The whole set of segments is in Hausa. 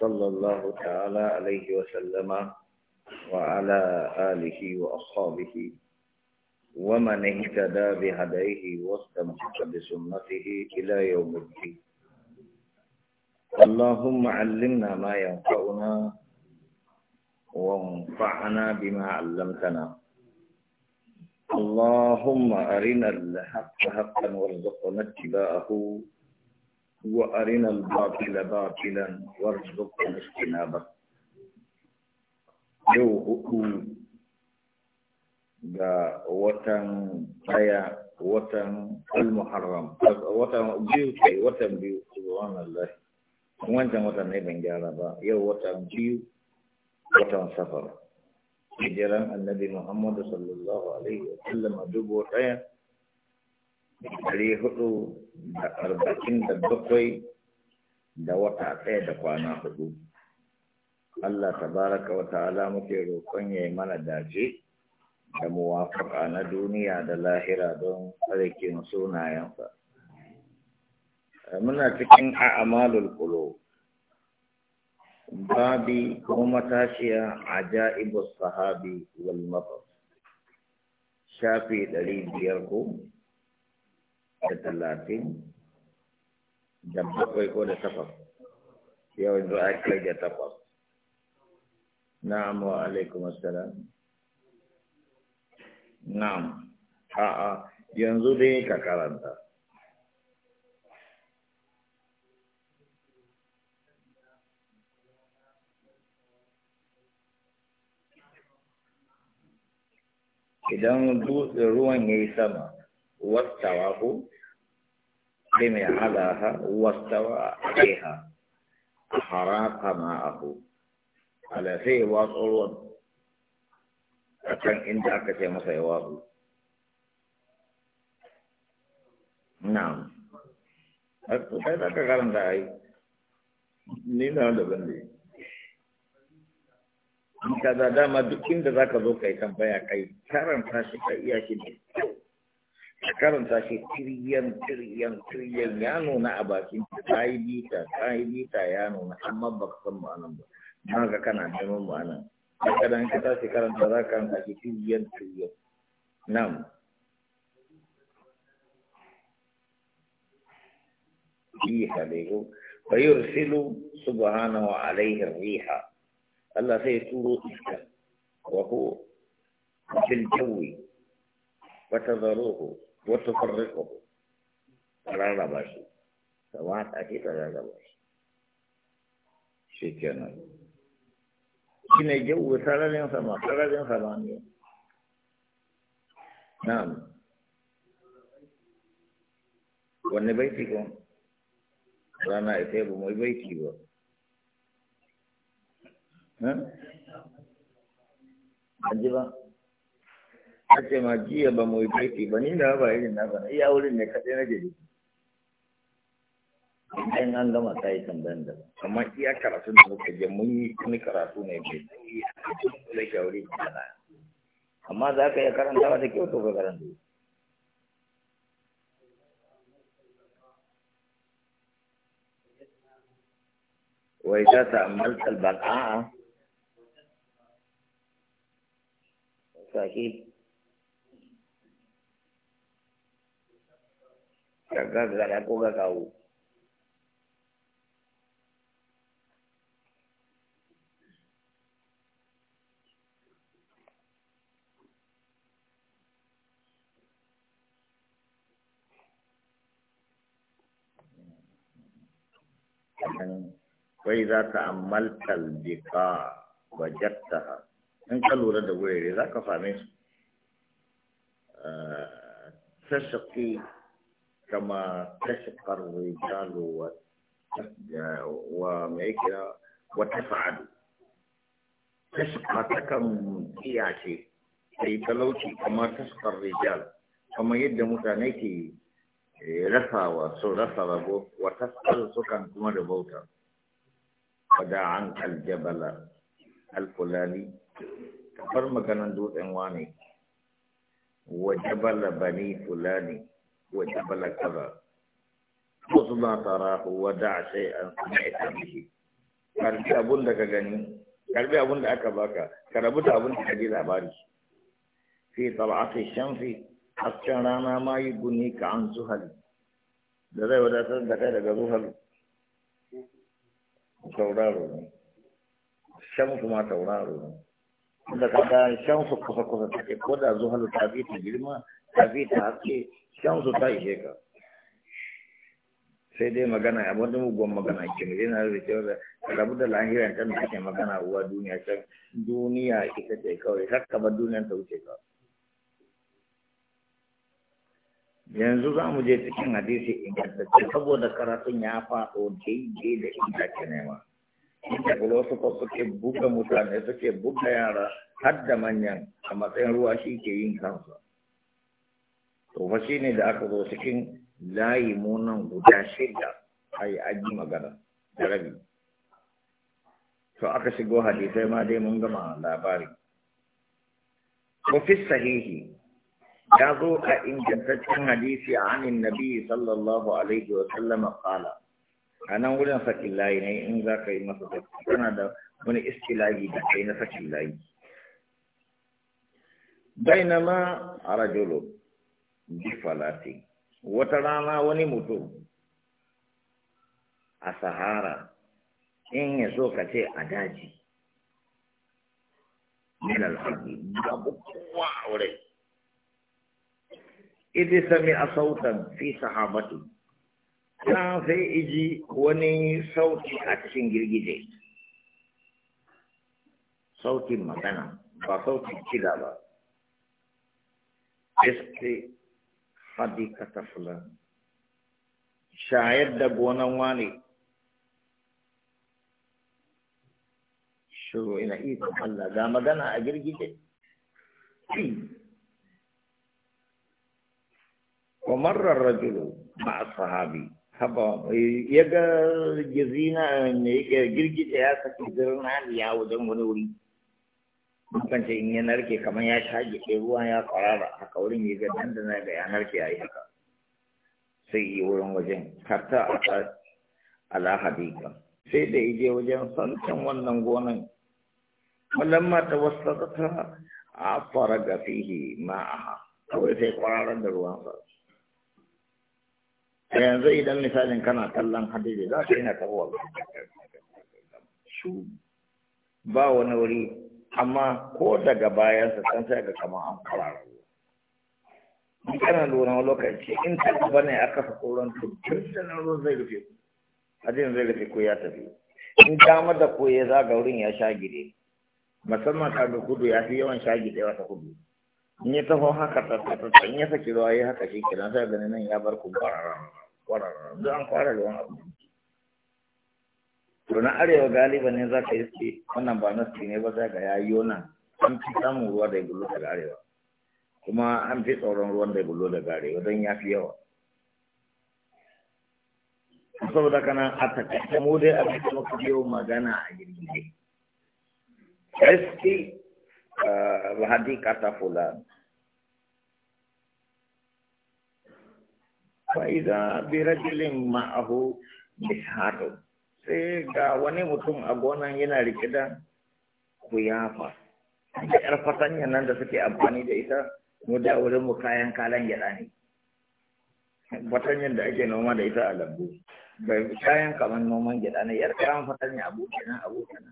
صلى الله تعالى عليه وسلم وعلى آله وأصحابه ومن اهتدى بهديه واستمسك بسنته إلى يوم الدين اللهم علمنا ما ينفعنا وانفعنا بما علمتنا اللهم أرنا الحق حقا وارزقنا اتباعه وأرنا الباطل باطلا وارزقنا اجتنابه yau hudu ga watan daya watan al-muharram biyu kai watan biyu subhanallah wancan watan ne ban gyara ba yau watan biyu watan safar hijiran annabi muhammadu sallallahu alaihi wa sallam dubu dari hudu da arba'in da bakwai da wata ɗaya da kwana huɗu, Allah tabaraka wa ta'ala muke roƙon yayi yi mana dace da muwafaka na duniya da lahira don tsarkin sunayensa muna cikin a'malul qulub babi kuma matashiya a ja'ibus sahabi wal mafas shafi ɗari biyar ko da talatin da bakwai ko da takwas yau yanzu a kai da takwas na'am wa alaikum assalam na'am a'a yanzu dai ka karanta idan ruwan ya yi sama wattawa ko بما علاها واستوى عليها حراق ماءه على سي واصل ود إن عند أكتي مسي واصل نعم أكتب هذا كلام داعي نينا هذا بندي إن كذا دام دكين ذاك ذوك أي كم بيا كي كارم فاشي كي يا شيء karanta shi tiriyan tiriyan tiriyan ya nuna a bakin ta yi bita ta yi bita ya nuna amma ba ka san ma'anan ba na ga kana neman ma'anan daga nan ka ta tashi karanta za ka karanta shi tiriyan tiriyan nam riha da yau fa yursilu wa alaihin riha Allah sai turo iska wa huwa fil jawi wata tadharuhu wasu farin ƙwaƙo rarraba shi ta watsa shi ta rarraba shi shi kenan shi ne jawo sararin sama sararin sama ne na'am wanne baiti ko rana ita ba mai baiti ba an ji ba ce ma jiya ba mu yi baiti ba ni da ba irin na ba iya wurin ne kaɗai na jiri idan an gama ta yi tambayan da amma iya karatu da muka je mun yi wani karatu ne bai tsayi a cikin da kyauri da amma za ka iya karanta da kyau to ka karanta wai za ta amalta a sake kaga gara ko ga kawo wai za ta ammaltar jika ha, in ka lura da wurare za ka same su sassaƙi eh, كما تشقى الرجال ومعكرة وتفعل تشقى تكم إياشي أي تلوشي كما تشقى الرجال كما يد متانيكي رفاوة سو رفاوة وتسأل سكان كما ربوتا ودا عنك الجبل الفلاني كفر مكان دوت انواني وجبل بني فلاني وجبلك كذا خذ ما تراه ودع شيئا سمعت به كربي إيه أبون لك غني كربي إيه أبون لك باكا كربت أبون حديد أباري في طلعة الشمس أنا ما يبني كان سهل دادا ودا سر دكا رجعوا هل تورارون الشمس ما تورارون عندما كان الشمس كفكفك كفك كفك كفك كفك كفك كفك كفك tafi ta haske shansu ta ishe ka sai dai magana a wani mugun magana ke mai yana da cewa da rabu da lahiran ta da ake magana uwa duniya can duniya ita ce kawai har kama duniya ta wuce ka yanzu za mu je cikin hadisi ingantacce saboda karatun ya faɗo daidai da inda ke nema inda filosofa suke buga mutane suke buga yara har da manyan a matsayin ruwa shi ke yin kansa to fa shi ne da aka zo cikin layi munan guda shida a yi magana da rabi to aka shigo hadisai ma dai mun gama labari ko fi sahihi ya zo a ingantaccen hadisi a hannun nabi sallallahu alaihi wa sallama kala a nan wurin sakin layi ne in za ka yi masa saki tana da wani istilahi da kai na sakin layi ma, a rajulu bifalati wata rana wani mutum a sahara in ya so ka ce a daji min alhaji babu kowa a wurin idi sami a sautan fi sahabatu ya sai iji wani sauti a cikin girgije sautin magana ba sautin kila ba hadikata fulan shayar da gonan wane shuru ina ikon Allah ga magana a girgije ومر الرجل مع sahabi haba ya ga girgina ne ya girgije ya saki zirna ya wajen wani wuri mukan ce in ya narke kamar ya sha ɗaya ruwa ya kwarara haka wurin ya ga dan da na ga ya narke ya yi haka sai yi wurin wajen karta a ta ka sai da ije wajen santan wannan gonan walamma ta ta a fara gafihi ha kawai sai kwararar da ruwan sa a yanzu idan misalin kana kallon hadiri za ka yi na tabuwa ba wani wuri amma ko daga sa, san sai ga kamar an fara in kana lura lokaci in ta ba ne aka fa koran to kirkinan ruwan zai rufe ku ajin zai rufe ko ya tafi in dama da ko ya ga wurin ya sha gire musamman ga kudu ya fi yawan sha gire wata kudu in ya taho haka ta, in ya saki ruwa ya haka shi kiran sai ganin nan ya bar ku kwararra kwararra duk an fara ruwan abu to na arewa galiba ne za ka iske wannan ba nasi ne ba za ka yayo nan an fi samun ruwa da bulo daga arewa kuma an fi tsoron ruwan da bulo daga arewa don ya fi yawa saboda kana a takaice mu dai abin da muka biyo magana a girgije eski eh, lahadi kata fulan فإذا برجل معه sai ga wani mutum a gonan yana rike da kuyafa da yar fatanya nan da suke amfani da ita mu da wurin mu kayan kalan gyaɗa ne fatanyar da ake noma da ita a lambu da kayan kamar noman gyaɗa ne yar kayan fatanya a kenan nan a abu nan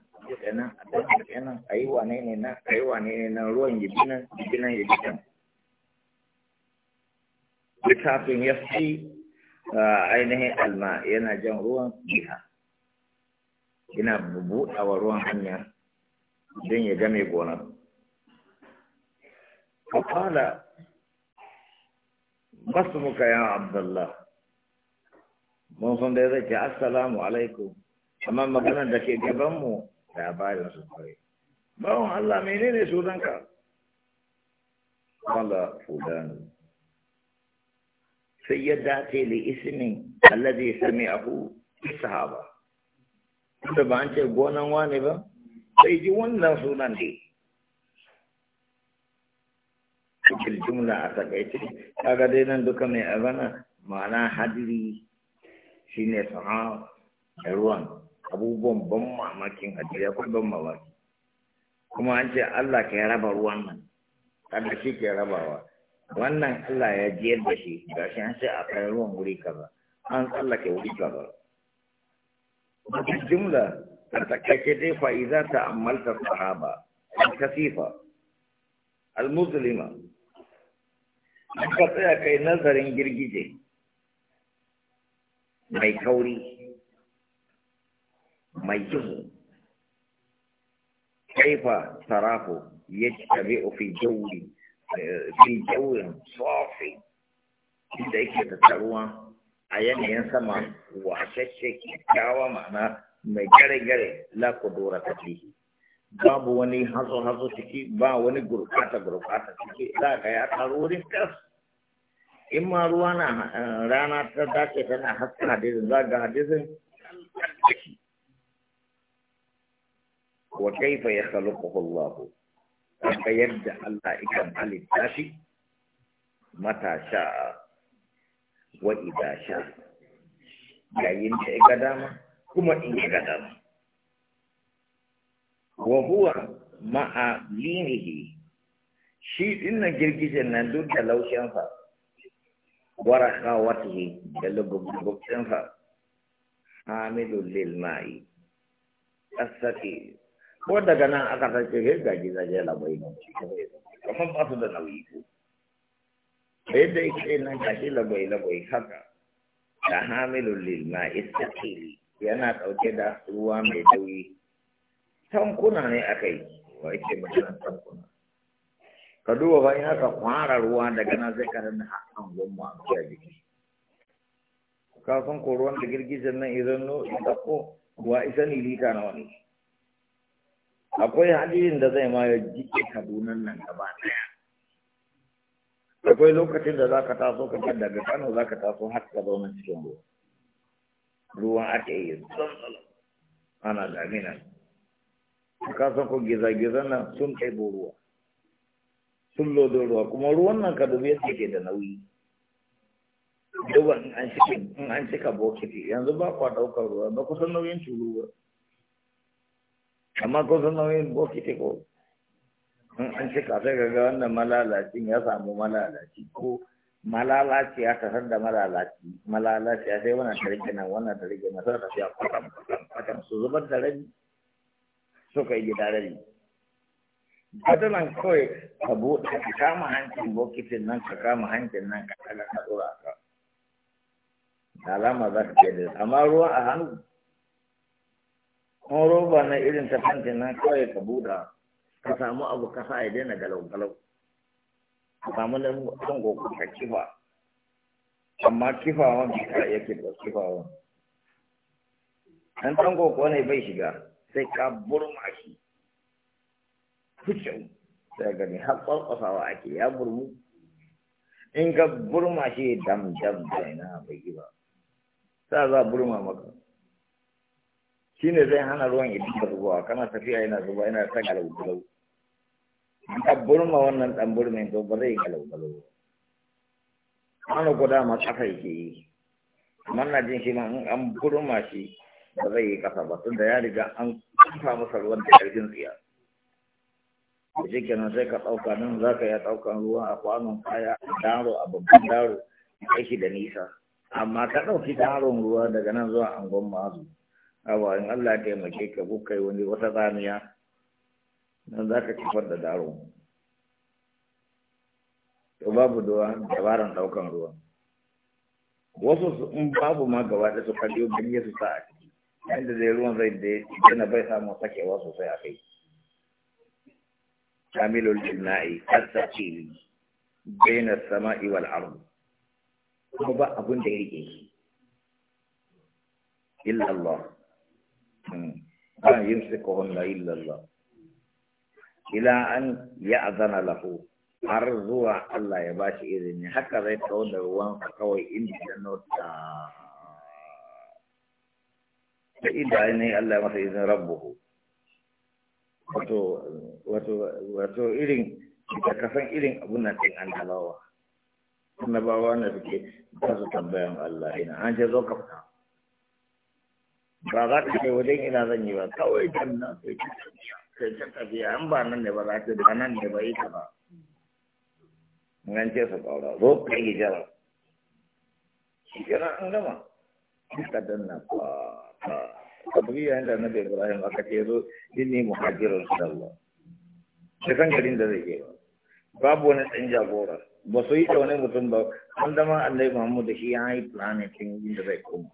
a nan a yi wane ne nan yi wane ne nan ruwan gibi nan gibi nan littafin ya fi ah, ainihin alma yana jan ruwan jiha yana buɗawa ruwan hanya don ya game gonar فقال ما اسمك يا عبد mun san dai zai ce assalamu alaikum amma maganar da ke gabanmu labarin su kawai bawon Allah menene sunanka wala fulani sai ya dace da ismin allazi sami'ahu sahaba wanda ba an ce gonan wane ba sai ji wannan sunan ne cikin jumla a takaice kaga dai nan duka mai abana ma'ana hadiri shine sana da ruwan abubuwan ban mamakin hadiri akwai ban mamaki kuma an ce Allah ke raba ruwan nan kada shi ke rabawa wannan Allah ya jiyar da shi shi an ce a kai ruwan wuri kaza an tsallake wuri kaza وفي الجملة أتكتب فإذا تأملت الصحابة الكثيفة المظلمة أنقطع كي نظر جرجيجي ما يكوري ما يجمو كيف تراه يجتمع في جو في جو صافي inda yake da taruwa a yanayin sama washashe kyakkyawa ma'ana mai gare-gare la kudura ta fihi babu wani hazo-hazo ciki ba wani gurfata-gurfata ciki za ka ya taro wurin kas in ma ruwa na eh, rana ta dace tana haska hadisin za ga hadisin wa kaifa ya khaluquhu Allah ka yadda Allah ikan halitta shi mata wa idasha yayin da ya ga dama kuma in ya ga dama wa huwa ma'a linihi shi dinna girgijen nan duk da laushinsa wa rakhawatihi da lugububinsa hamilul lil ma'i asaki ko daga nan aka sace ga gidaje labai ne kamar ba su da nauyi ko yadda yake nan gashi labai-labai haka ta hamilun lilma kiri yana ɗauke da ruwa mai dauyi tankuna ne aka yi wa ike mutum tankuna ka duba bayan haka kwara ruwa daga nan zai karin na hakan gomma a biya jiki Ka san ko ruwan da girgizan nan idan no ita ko wa isa ni lita na wani akwai halin da zai ma ya jike kadunan nan gaba ɗaya akwai lokacin da za ka taso ka kan daga kano za ka taso har ka zaune cikin ruwa ruwan ake yi ana damina ka san ko gizagizan nan sun ɗaibo ruwa sun lodo ruwa kuma ruwan nan ka dubi yadda ke da nauyi duba in an cika an cika bokiti yanzu ba kwa daukar ruwa ba kusan nauyin turu ba amma kusan nauyin bokiti ko in an cika sai ka ga wannan malalacin ya samu malalaci ko malalaci ya tasar da malalaci malalaci ya sai wannan tarike nan wannan tarike na sai tafiya kwatam kwatam su zubar da rabi suka yi gida rabi Badalan kawai ka buɗe ka kama hancin bokitin nan ka kama hancin nan ka kaga ka ɗora ka. Alama za ka da amma ruwa a hannu. Kuma roba na irin ta fantin nan kawai ka buɗa ka samu abu ka sa ya daina galau-galau ka samu lalun goku ka kifa amma kifawan bai ka iya kifa kifawan an san goku ne bai shiga sai ka burma shi kucin sai gani har ƙwaƙwasawa ake ya burmu in ka burma shi dam dam da na bai yi ba sa za burma maka shine zai hana ruwan ya dinga zubowa kana tafiya yana zuba yana ta da galau ka wannan ɗan mai to ba zai galau-galau wani guda ma ƙasa yake yi amma na jin shi ma in an burma shi ba zai yi kasa ba da ya riga an kufa masa ruwan da ƙarfin tsiya da shi kenan sai ka ɗauka nan za ka iya ɗaukan ruwa a kwanon kaya a daro a babban daro a shi da nisa amma ka ɗauki daron ruwa daga nan zuwa angon mazu abu in Allah ya taimake ka kuka yi wani wata zamiya nan za ka kifar da daro to babu dabaran daukan ruwa wasu in babu ma gaba da su kalliyo ganye su sa a ciki inda zai ruwan zai da na bai samun sakewa sosai a kai kamilul jinna'i as-sakili bayna as-sama'i wal ardh kuma ba abun da yake shi illa Allah hmm. ba yin yimsikuhunna illa Allah ila an ya azana lahu har zuwa Allah ya ba shi izini haka zai kawo da ruwansa kawai inda ya nota da inda ne Allah ya masa izinin rabbuhu wato wato wato irin da kasan irin abun nan din annabawa annabawa da suke ba su tambayan Allah ina an ce zo ka fita ba za ka kai wajen ina zan yi ba kawai dan na sai ka kai ta tafiya an ba nan ne ba za ta ba nan ne ba yi ta ba nan ce su ƙaura zo ka yi jara shi kira an gama ka danna ba ta tabriya inda na ibrahim aka ce zo din ne muhajirun sallah da kan garin da zai ke babu wani ɗan jagora ba su yi da wani mutum ba an dama allai muhammadu shi ya yi planetin zai koma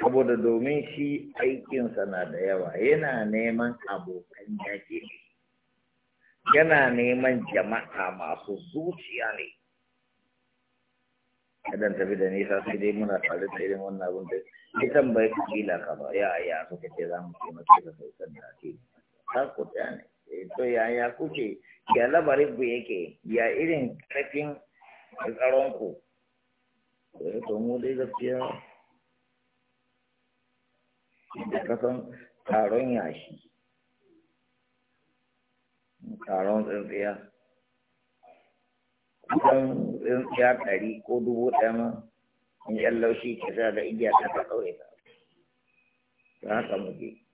saboda domin shi aikinsa na da yawa yana neman abokan yaƙi ne yana neman jama'a masu zuciya ne idan tafi da nisa sai dai muna tare da irin wannan abin da ya tambayi kabila ka ba ya ya suka ce za mu taimake ka sai kan da ake ta ku ne eh, to ya ya kuke ya labarin ku yake ya irin karfin tsaron ku eh, to mu dai gaskiya da kasan taron yashi taron tsintsiya kusan tsintsiya ɗari ko dubu ɗaya ma in yan laushi ke sa da igiya ta ta ɗaure ta ta haka muke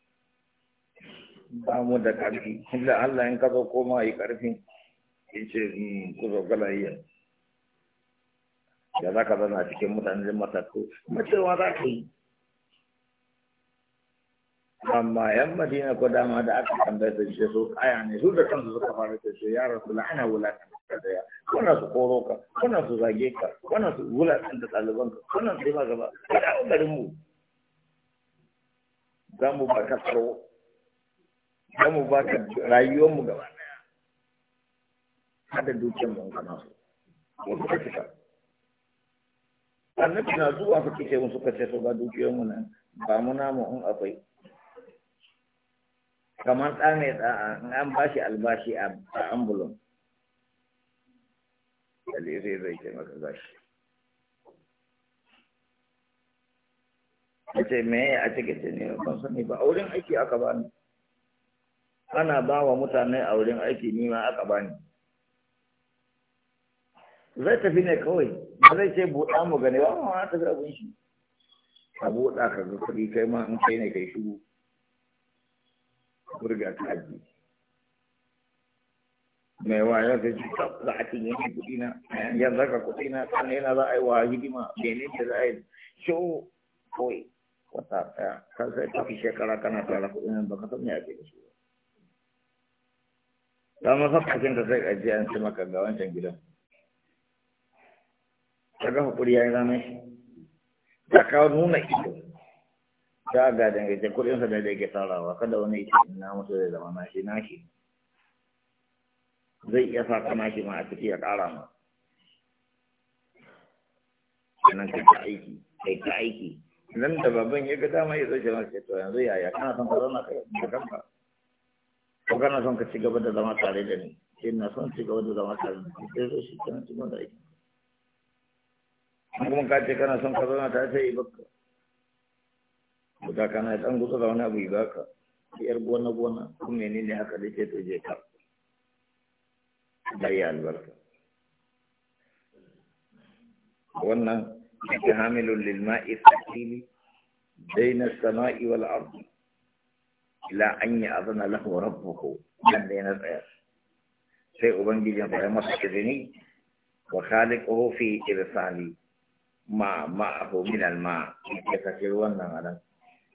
ba mu da ƙarfi inda Allah in kaso ko koma yi ƙarfi in ce hmm, ku zo yi da za ka zana cikin mutane matattu macewa za ka yi amma yan madina ko dama da aka tambaye su shi su kaya ne su da kansu suka fara ta ce ya rasu la'ana wulaƙanta da ya kuna su koro ka kuna su zage ka kuna su da ɗaliban ka kuna su yi ba gaba ka dawo mu za mu ba ka tsaro za mu ba ka rayuwar mu gaba ɗaya hada dukiyar mu kana so mu suka cika annabi na zuwa suka ce mu suka ce su ba dukiyar mu nan ba mu namu in akwai kamar ɗa mai ɗa'a an ba shi albashi a ambulon dalilai zai taimaka gashi a ce me a cikin jini a sani ba a wurin aiki aka bani ana ba wa mutane a wurin aiki ni ma aka bani zai tafi ne kawai ba zai ce buɗa mu gane ba ma ta tafi shi a buɗa ka ga kuɗi kai ma in kai ne kai shigo burga ta aji mai waya ta ji za a cinye ni kuɗi na yanzu ka kuɗi na sannan yana za a yi wa hidima bene da za a yi sho kawai wata ɗaya kan sai ta fi shekara kana tara kuɗi nan baka san ya ake da su ba ta masa kakin ka sai ajiya an ce maka ga wancan gidan ka ga hakuri ya yi ranar shi ta kawo nuna ido ta ga dangace kudin sa da yake tarawa kada wani ya ce na mutu da zama nashi nashi zai iya sa ka nashi ma a ciki ya kara ma sannan kai ta aiki kai ta aiki nan da baban ya ga dama ya zai jama'a to yanzu yaya kana son ka zauna kai da kanka ko kana son ka ci gaba da zama tare da ni Shin na son ci gaba da zama tare da ni sai zo shi kana ci gaba da aiki kuma ka ce kana son ka zauna ta sai ibakka guda kana dan gutsu da wani abu ya baka yar gona gona ko menene haka da ke to je ka da ya albarka wannan hamilun lil ma'i thaqili bayna as-sama'i wal ardi ila an ya'zana lahu rabbuhu dan da yana tsaya sai ubangijin ya masa izini wa khaliquhu fi irsali ma ma'ahu min al-ma' ya kasir wannan anan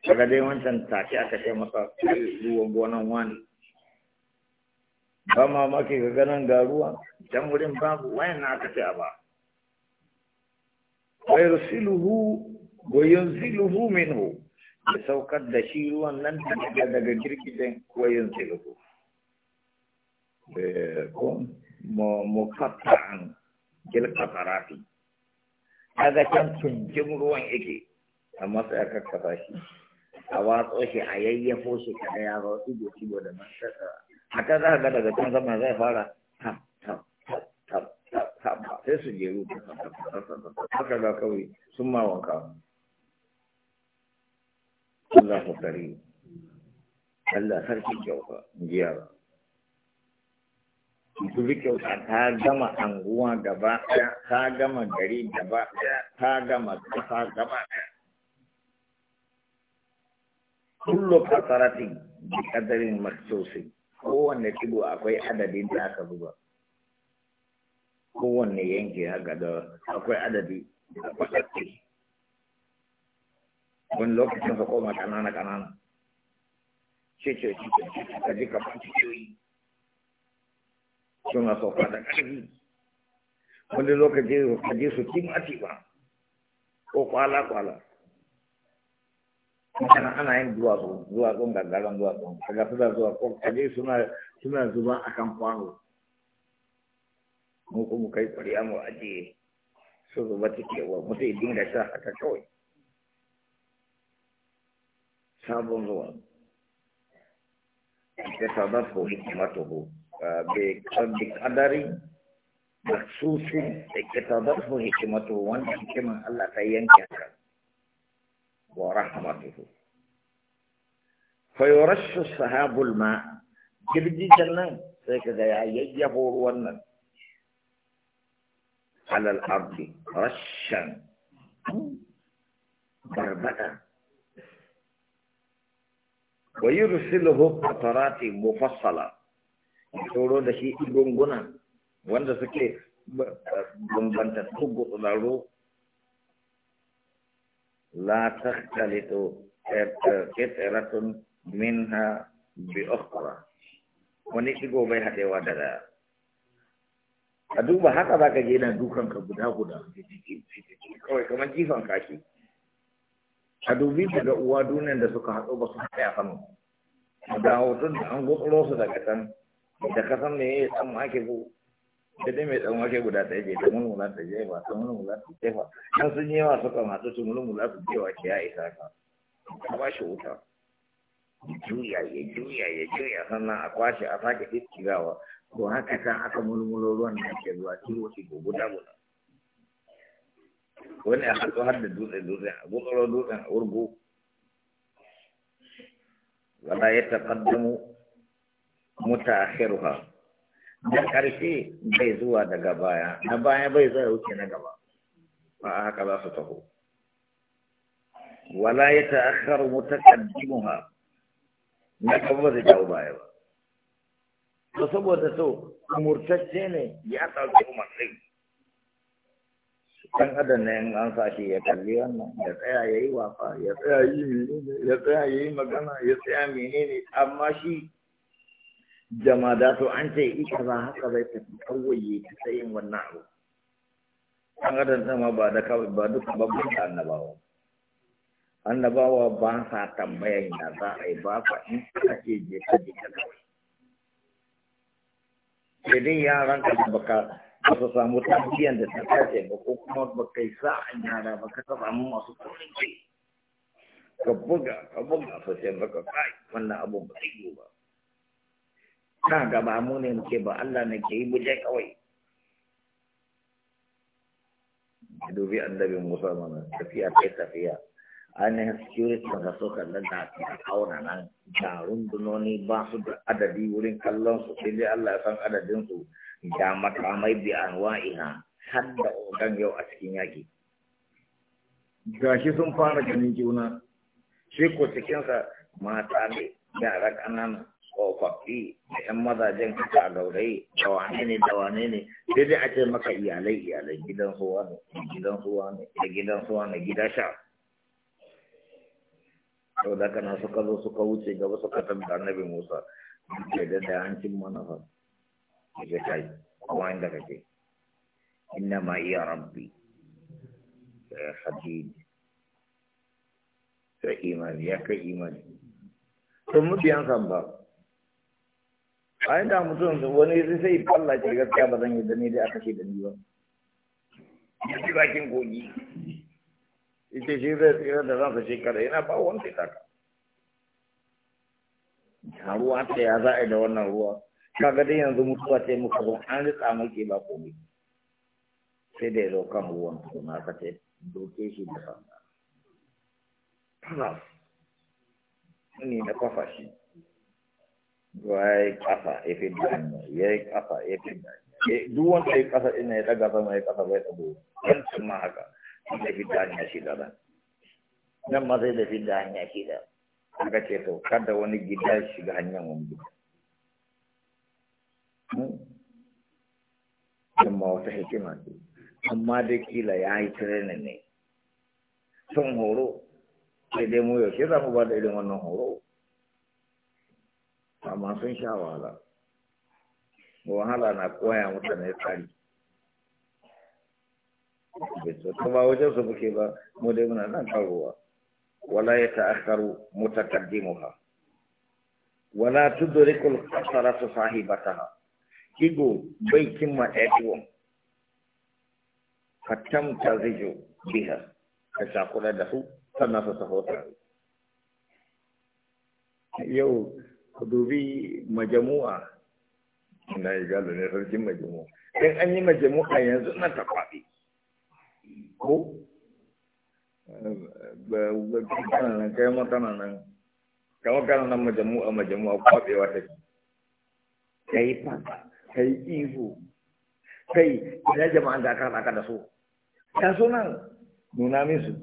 daga dai wancan take aka ce masa ruwan gonan wani ba mamaki ga ganin ga ruwa can wurin babu wayan na aka a ba wa yursiluhu goyon ziluhu minhu ya saukar da shi ruwan nan daga daga girgijen wa yunziluhu eh, ko farafi. A ga can tunjin ruwan yake a sai aka shi a watso shi a yayyafo shi kada ya zo ido ido da nan sassa haka za ka daga can sama zai fara tam tam tam tam sai su je jeru haka ga kawai sun ma wanka Allah ku kare Allah sarki kyauta jiya ba Dubi kyauta ta gama anguwa gaba ɗaya, ta gama gari gaba ɗaya, ta gama ƙasa gaba ɗaya. kullum qatarati da kadarin maksusi kowanne tigo akwai adadin da aka zuba kowanne yanki haka da akwai adadi da kwatsatsi wani lokacin ka koma kanana kanana ce ce ce ce ka ji ka fi ciyoyi suna sauka da ƙarfi wani lokacin ka ji su kimati ba ko kwala-kwala kana ana yin duwatsu duwatsun gangaren duwatsun daga suna zuwa ko kaje suna zuba akan kwano mu kuma kai ƙuri'a mu ajiye su zuba take wa mutum ya dinga sha haka kawai sabon zuwa ya tabbata hikimatuhu bi kadari maksusin da ke tabbata hikimatuhu wanda hikiman Allah ta yanke ورحمته فيرش السحاب الماء جبدي جنان هكذا يعيبه الونن على الأرض رشا بربدا ويرسله قطرات مفصلة يقولون ده شيء يقولون wanda سكي bambanta تقوط tsararo لا تختلط كثرة منها بأخرى wani shigo bai haɗewa da daya a duba haka ba ka gina yana dukan ka guda guda kawai kamar jifan kaki. a dubi daga uwa duniyar da suka haɗo ba su haɗe a hannu da hoton da an gutsuro su daga can da kasan me ya yi tsamma ake ko sai mai dan wake guda ɗaya je ta mulmula ta je ba ta mulmula ta je ba har sun yi masu kan hatsu su mulmula su je wa ke ya isa ka a ba shi wuta juya ya juya ya juya sannan a kwashe a sake iskigawa to haka kan aka mulmulo ruwan da ke zuwa ciwo shi ko guda guda wani a hatsu har da dutse dutse a gutsuro dutsen a urgo wala ya taƙaddamu mutaakhirha Da ƙarshe bai zuwa daga baya na baya bai zai wuce na gaba ba a haka za su taho wala ya ta'akhkhar mutaqaddimuha na gaba zai jawo baya ba to saboda so umurtacce ne ya ɗauki umarni kan adan ne an an sashi ya kalli wannan ya tsaya ya yi wafa ya tsaya yi ya tsaya ya yi magana ya tsaya menene amma shi Jama'a to an ce ita za haka zai tafi kawai ta sayin wannan abu an dan sama ba da kawai ba duka babban da annabawa annabawa ba sa tambaya ina za a yi ba fa in ce je ka je ka kawai sai dai yaran ka baka ba su samu biyan da ta kace ba ko kuma ba kai sa an yara ba ka samu masu kurin ke ka buga ka buga sosai baka kai wannan abu ba zai yi ba ta gaba mu ne muke ba Allah ne ke yi buje kawai dubi dabi Musa mana tafiya kai tafiya ainihin security da so kallon da a auna nan da rundunoni ba su da adadi wurin kallon su sai dai Allah ya san adadin su ga makamai bi anwa'ina har da ogan yau a cikin yaki gashi sun fara ganin juna shi ko cikinsa mata ne yara ƙanana tsofaffi da yan mazajen haka a gaurayi da wane ne da wane ne sai dai a ce maka iyalai iyalai gidan suwa ne gidan suwa ne da gidan suwa ne gida sha sau da kana suka zo suka wuce gaba suka tabbata annabi musa ke da da cin manafa ke kai kuma inda kake inna ma iya rabbi ya hadid sai imani ya kai imani to mu biyan kan ba a da mutum wani sai falla ce gaskiya ba zan yi da ni da aka ce da ni ba yanzu bakin kogi ita shi zai tsira da zan shi kada yana ba wani fita ka ruwa ta ya za a yi da wannan ruwa kaga dai yanzu mutuwa ce muka zo an rika muke ba komai sai da ya zo kan ruwan kuma ka ce doke shi da sanda ne na kwafa shi ya yi ƙasa ya fi da ya yi ƙasa ya fi da eh, duk wanda ya yi ƙasa ina ya ɗaga sama ya ƙasa bai ɗago yan sun ma haka sun da fi da hanya shida da nan ma sai da fi da hanya shida aka ce to kada wani gida shiga hanyar wani gida yamma hmm. wata hikima ce amma dai kila ya yi training ne sun horo sai dai mu yaushe za mu ba da irin wannan horo amma sun sha wahala wahala na koya mutane tsari ta ba wajen su muke ba mu dai muna nan tarowa wala ya ta'akkaru mutakaddimuha wala tudrikul qasaratu sahibataha kigo bai cimma ɗaya fatam tazijo biha ka shakula da su sannan su taho tare yau ku dubi majamu'a na yi galo ne sarkin majamu'a in an yi majamu'a yanzu na ta kwaɗi ko kana nan kai ma kana nan kama kana nan majamu'a majamu'a kwaɓewa ta ke. ka yi fata ka yi ihu kai ina jama'an da aka haɗa da su ta sunan nuna min su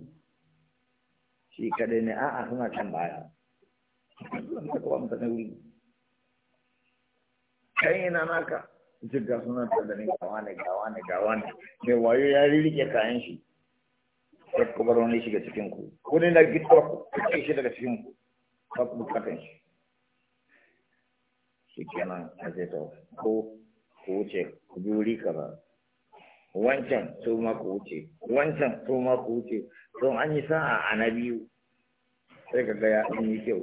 shi kadai ne a'a suna can baya wanda na wuri kan yana naka jirga suna ta da ne gawa ne gawa ne gawa ne mai wayo ya ririke kayan shi sai ku wani shiga cikin ku wani na gitsa ku kake shi daga cikin ku ba ku bukatan shi shi kenan a zai ta ko ku wuce ku bi wuri kaza wancan su ma ku wuce wancan su ma ku wuce don an yi sa'a a na biyu sai ka ga ya yi kyau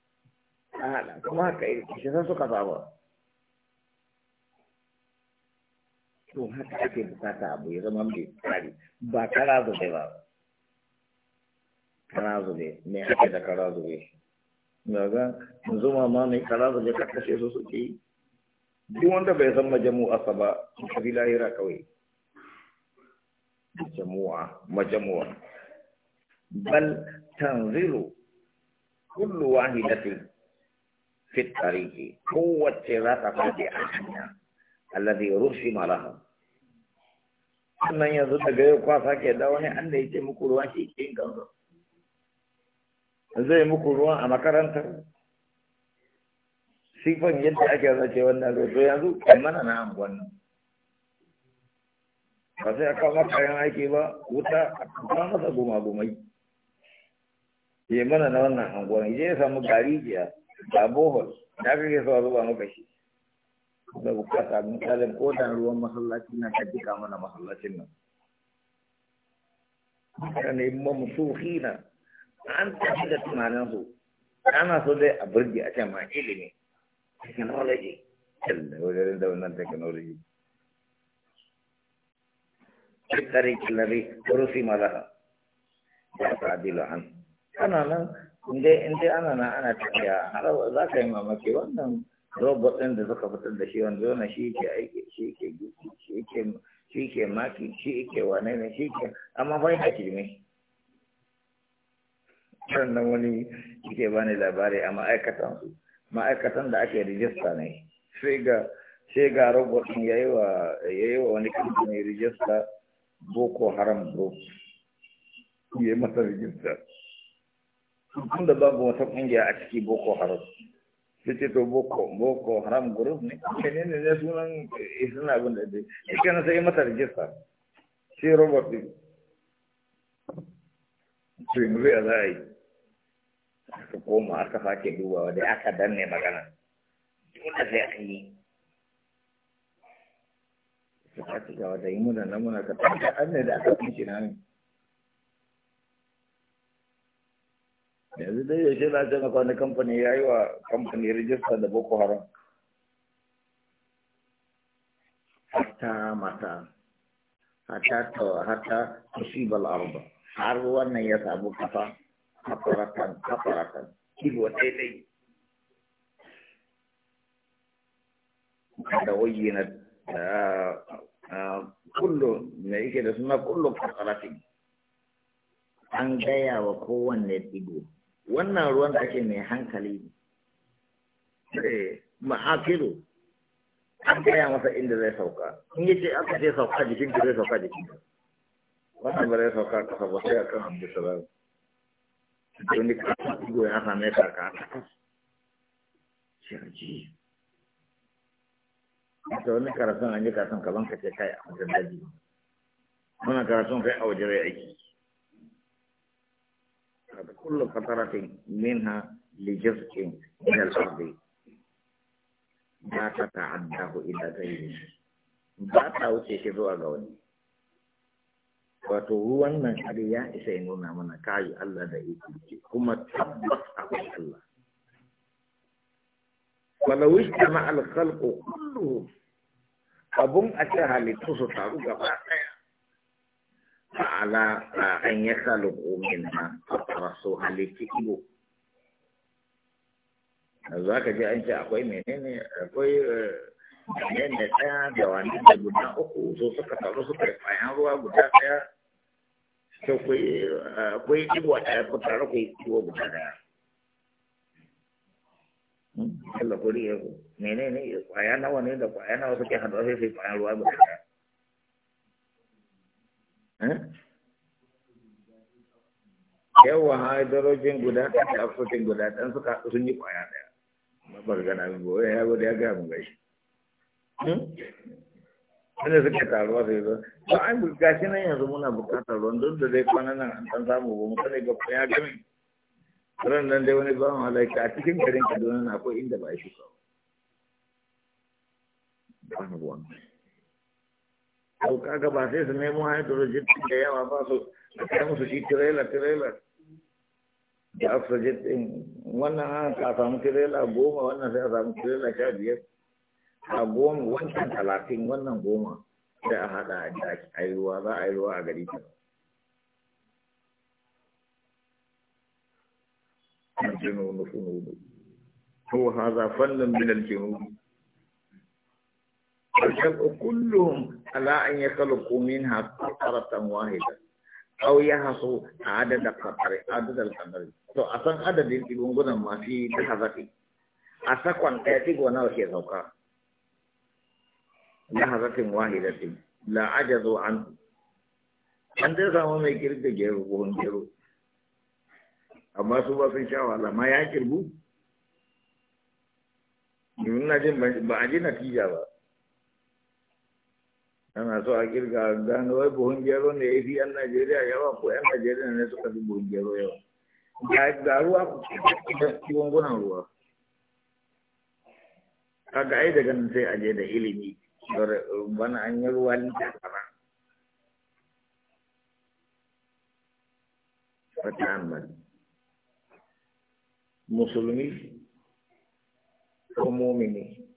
an haɗa kuma haka shi san suka saba to haka ake bukata abu ya zama mai tsari ba kara zube ba kara zube me ake da kara zube daga zuma ma mai kara zube ka kashe su suke yi duk wanda bai san majamu'arsa ba kafi lahira kawai majamu'a Majamuwa. bal tanziru kullu da wahidatin في الطريق قوة ثلاثة في أحنا الذي رسم لها أما يزد غير قاسا كده وني أن يتي مكروان شيء كين كنزو zai muku ruwan a makarantar sifan yadda ake zace wannan roto yanzu kan mana na anguwan nan sai aka maka kayan aiki ba wuta a kuma masa goma ya mana na wannan anguwan ya samu gari da bohol da kake so a zuba maka shi da bukata misalin ko da ruwan masallacin nan ka jika mana masallacin nan haka ne mamsuhi na an tafi da tunanin su ana so dai a burge a can ma ilimi technology kalla wajen da wannan technology tattare killare rufi malaha ya ta adilo an ana nan inda inda ana na ana tafiya har za ka yi mamaki wannan robot ɗin da suka fitar da shi wanda yana shi ke aiki shi ke giki shi ke shi ke maki shi ke wane ne shi ke amma fa yana kirme sannan wani ke bani labari a ma'aikatan su ma'aikatan da ake rijista ne sai ga sai ga robot ɗin yayi wa yayi wa wani kamfani rijista boko haram group yayi masa rijista tun da babu wata kungiya a ciki boko haram su ce to boko boko haram group ne ne ne ne sunan isin eh, abin da dai shi na sai mata rijista shi robert din su yanzu ya za a yi aka koma aka sake dubawa dai aka danne magana dole sai aka yi su ka ci gaba da yi muna nan muna ka tabbata an ne da aka kunshi na ne yanzu dai yaushe na ce maka wani kamfani ya yi wa kamfani rijista da boko haram hata mata ta hatta tusibal arba har wannan ya samu kafa kafaratan kafaratan kiwo daidai da wayyana kullu na yake da suna kullu kafaratin an gaya wa kowanne tsibo wannan ruwan da ake mai hankali ne eh, ma'akilu an gaya masa inda zai sauka in yace aka ce sauka jikin ka zai sauka jikin ka wannan ba zai sauka ka sauka sai a kan abu sabar wani kasa ido ya same ka ka takas shaji ta wani karatun an yi karatun kaban ka ce kai a wajen daji wani karatun kai a wajen aiki هذا كل فترة منها لجزء من الأرض لا تتعداه إلى غيره ba ta wuce shi zuwa ga wani wato ruwan nan kare ya isa yin nuna mana kayi Allah da iko kuma tabbas a akwai Allah walau ijtama al khalqu kulluhum abun a ce halittu su taru gaba daya ala an ya khaluqu minha rasu halitti ibo za ka ji an ce akwai menene akwai eh, menene ɗaya da wani da guda uku so suka taru suka yi bayan ruwa guda ɗaya sai akwai eh, ibo ɗaya ku taru ku yi ibo guda ɗaya hmm, Allah kuri ya menene kwaya nawa ne da kwaya nawa suke haɗuwa sai sai kwaya ruwa guda ɗaya Eh? yawa hydrogen guda ɗaya da oxygen guda ɗan suka sun yi ƙwaya ɗaya babbar gana min ya gode ya gaya mu gashi wanda hmm? suke taruwa zai zo to an gashi nan yanzu muna buƙatar ruwan duk da dai kwana nan an ɗan samu ba mu sani ba ya gami ran nan dai wani a cikin garin kaduna akwai inda ba to kaga ba sai su nemo hydrogen da yawa ba su a kai musu shi trailer trailer da oxygen din wannan an ka samu trailer goma wannan sai a samu trailer sha biyar a goma wancan talatin wannan goma sai a haɗa a yi ruwa za a yi ruwa a gari ta الجنون فنون هو هذا فن من الجنون kullum ala an ya kalu minha qatratan wahida aw ya hasu adad qatri adad al qadri to asan adadin ibun ta ma fi da hazafi asa kwan ta ke sauka. na ke zauka da hazafin wahidatin la ajazu an an da zama mai kirga gero ko gero amma su ba sun sha ma ya kirbu jin ba a ji natija ba, ana so a kirga gano wai buhun gero ne ya fi yan najeriya yawa ko yan najeriya ne suka fi buhun gero yawa ga ruwa kiwon gunan ruwa kaga ai daga nan sai aje da ilimi bana an yi ruwa ta kama fata musulmi ko mumini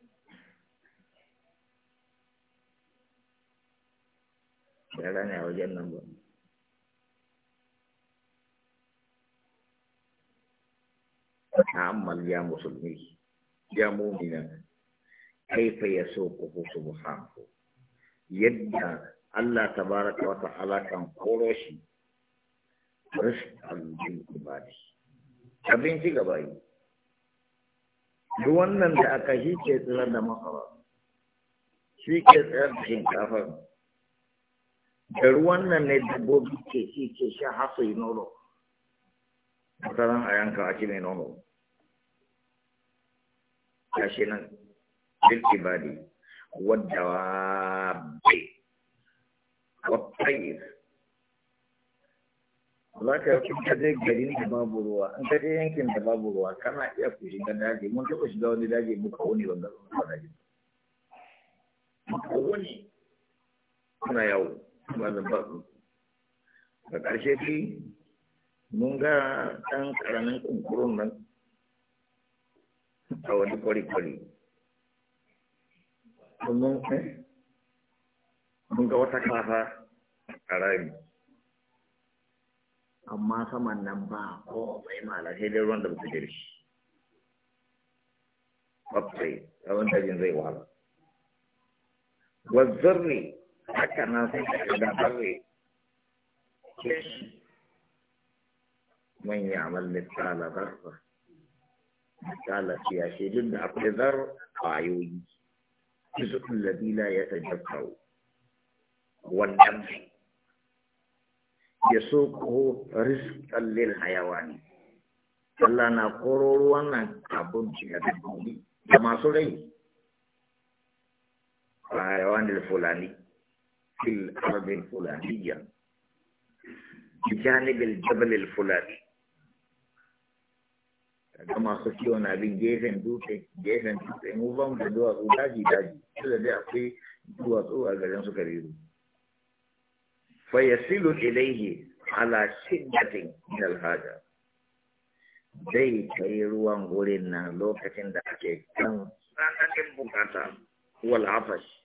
da rana wajen nan ba ta'ammal ya musulmi ya mumina kaifa yasuquhu subhanahu yadda Allah tabaraka wa ta'ala kan koro shi rizqan lil ibadi abinci gaba yi duk wannan da aka shi ke tsirar da masara shi ke tsira da shinkafar da ruwan nan ne dabbobi ke ci ke sha har su yi nono wata a yanka a ci mai nono shi nan ba ne wadda bai wattayir za ka yi ka je garin da babu ruwa in ka je yankin da babu ruwa kana iya ku da daji mun taɓa shiga wani daji muka wani wanda ruwa daji muka wani muna yawo wannan ba su da ƙarshe fi mun ga ɗan ƙaramin kunkurun nan a wani kwari-kwari eh, mun ga wata kafa a rami amma saman nan ba komai mala sai dai ruwan da ba su jirgi kwafai abin dajin zai wahala wazzarni haka nan sai ka ga harre man ya amal misala zarra misala siya shi duk da akwai zar kwayoyi jizukun labila ya tajakkau wannan ya so ko rizkan lil hayawani Allah na koro wannan abun da dabbobi da masu rai a hayawan da fulani في الأرض الفلانية بجانب الجبل الفلاني kaga masu kiwo na bin gefen dutse gefen dutse mu ban da duwatsu daji daji tunda dai akwai duwatsu a garin su kabiru fa yasilu ilayhi ala shiddatin min alhaja zai kai ruwan wurin nan lokacin da ake kan tsananin bukata wal afash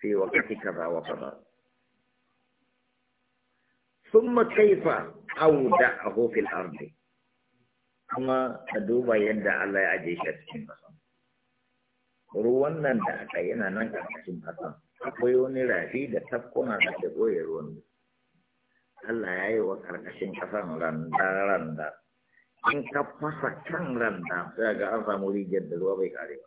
في وقت كذا وكذا ثم كيف أودعه في الأرض kuma ka duba yadda Allah ya ajiye shi a cikin Ruwan nan da aka yana nan a ƙasa, akwai wani rafi da tafkuna da ke ɓoye ruwan. Allah ya yi wa ƙarƙashin ƙasan randa-randa. In ka fasa kan randa, sai ga an samu rijiyar da ruwa bai kare ba.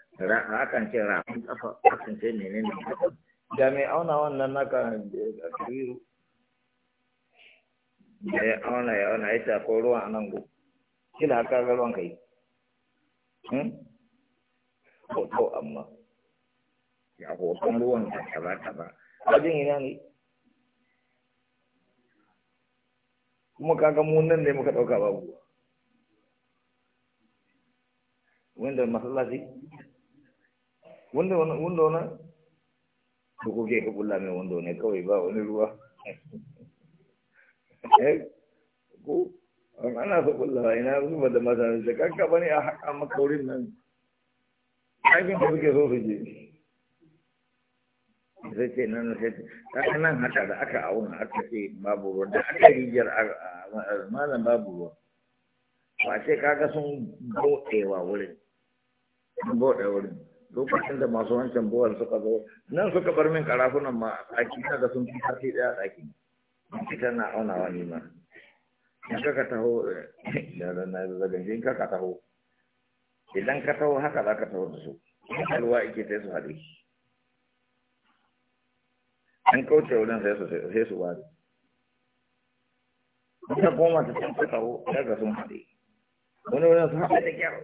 akan ce rafin kafa akan ce ne da mai auna wannan naka kabiru da ya auna ya auna ya ce ko ruwa a nan go kila haka ga ruwan kai hoto hmm? amma ya hoton ruwan ta taba taba wajen ina ne kuma kaga mu nan ne muka dauka babu wanda masallaci wanda wani wanda wani da kuke ka kula mai wanda ne kawai ba wani ruwa eh, ko an ana so kulla ina zuba da masa da kanka bane a haƙa maka wurin nan aikin da kuke so su je sai ce nan sai ta nan haka da aka auna aka ce babu ruwa da aka rijiyar malam babu ruwa ba sai kaga sun bude wa wurin sun bude wurin lokacin da masu wancan buwar suka zo nan suka bar min karafunan ma a kina da sun fita sai daya daki ita na auna wani ma in ka taho da yaran na zagan in ka ka taho idan ka taho haka za ka taho da su ruwa ike sai su haɗe an kauce wurin sai su wari ta koma ta can ka taho daga sun haɗe wani wurin su haɗe da kyau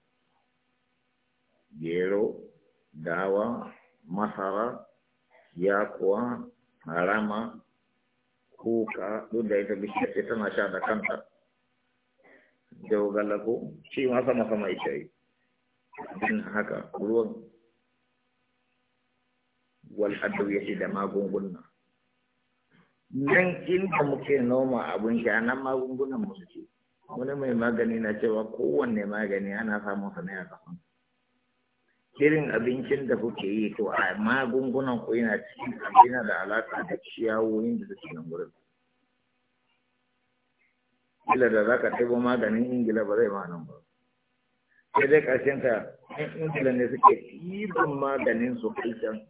gero dawa masara yakuwa harama kuka duk da ita bishiyar ce tana sha da kanta jau ko shi ma sama sama ita yi din haka ruwan wal ce da magunguna nan inda muke noma abun sha nan magungunan mu ce wani mai magani na cewa kowanne magani ana samun sa ne a kasan irin abincin da kuke yi to a magungunan ku yana cikin abin da alaƙa da ciyawoyin da suke nan gurin kila da za ka taibo maganin ingila ba zai ma nan ba sai dai ƙarshen ka in ingila ne suke ɗiban maganin su kaitan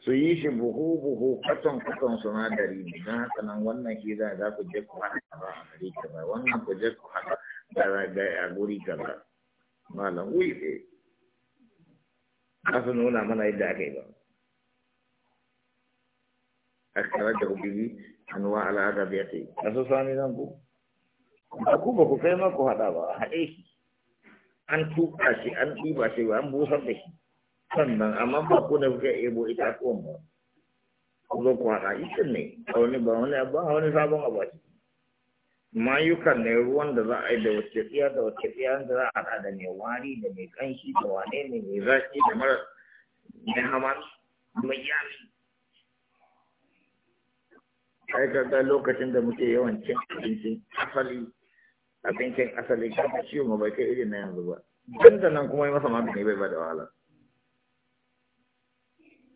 su yi shi buhu buhu katon katon dari ne don haka nan wannan shi za za ku je ku haɗa ba a gari ba, wannan ku je ku haɗa da a guri ba. malam wuyi eh, ba su nuna mana yadda aka yi ba akarar da hubili anuwa al'adar ya ta yi a su sani nan ku ba ku ba ku kai ma ku haɗa ba haɗe shi an tuka shi an ɗiba shi ba an busar da shi sannan amma ba ku da kuka ebo itatuwan ba ku zo ku haɗa ikin ne a wani ba wani abu a wani sabon abu mayukan ne ruwan da za a yi da wace tsiya da wace tsiya da za a haɗa da mai wari da mai ƙanshi da wane ne mai zaƙi da mara mai haman mai yami kai kaga lokacin da muke yawan cin abincin asali abincin asali kan ciwo ma bai kai irin na yanzu ba dan da nan kuma yi masa magani bai ba da wahala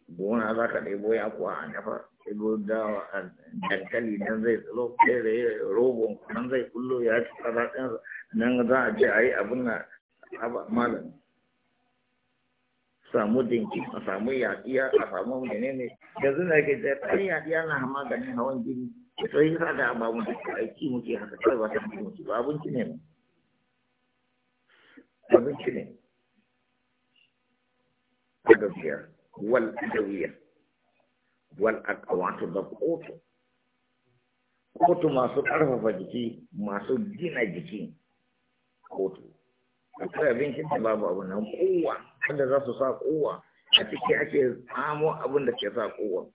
gona za ka ɗebo ya kuwa a nafa ibo dawa dankali nan zai tsalo fere rogon nan zai kullo ya ci tsara nan za a je a yi abin na malam samu dinki a samu yaɗiya a samu menene yanzu na ke da ɗan yaɗiya na ganin hawan jini to sauyi sa da ba mu da aiki muke haka kai ba ta mutu ba abinci ne abinci ne a gaskiya wal adawiyya wal aqwatu da kotu, kotu masu ƙarfafa jiki masu gina jiki qutu akwai abincin da babu abu nan kowa wanda za su sa kowa a ciki ake samo abin da ke sa kowa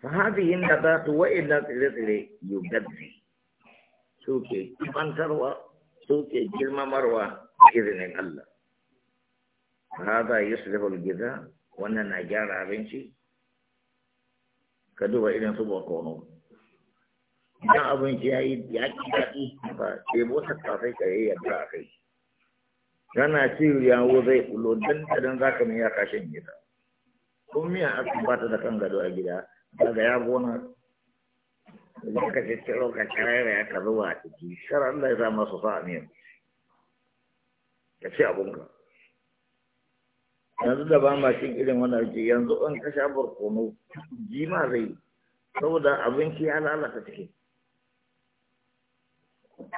Su النبات وإلا تلتلي يجدي سوكي كمان تروى سوكي جلما مروى بإذن الله هذا يصلح الغذاء wannan na gyara abinci ka duba irin su ba kono idan abinci ya yi ya ki daɗi ba ɗebo ta kafai ka yi yadda a kai yana ci wo zai bulo dan za ka miya kashin gida ko miya a ba ta da kan gado a gida daga ya gona da ka ce ce ka kirayar ya ka zuwa a ciki shar Allah ya sa su sa miyan ka ce abunka yanzu da ba ma cin irin wannan ake yanzu in ka sha barkono jima zai saboda abinci ya lalata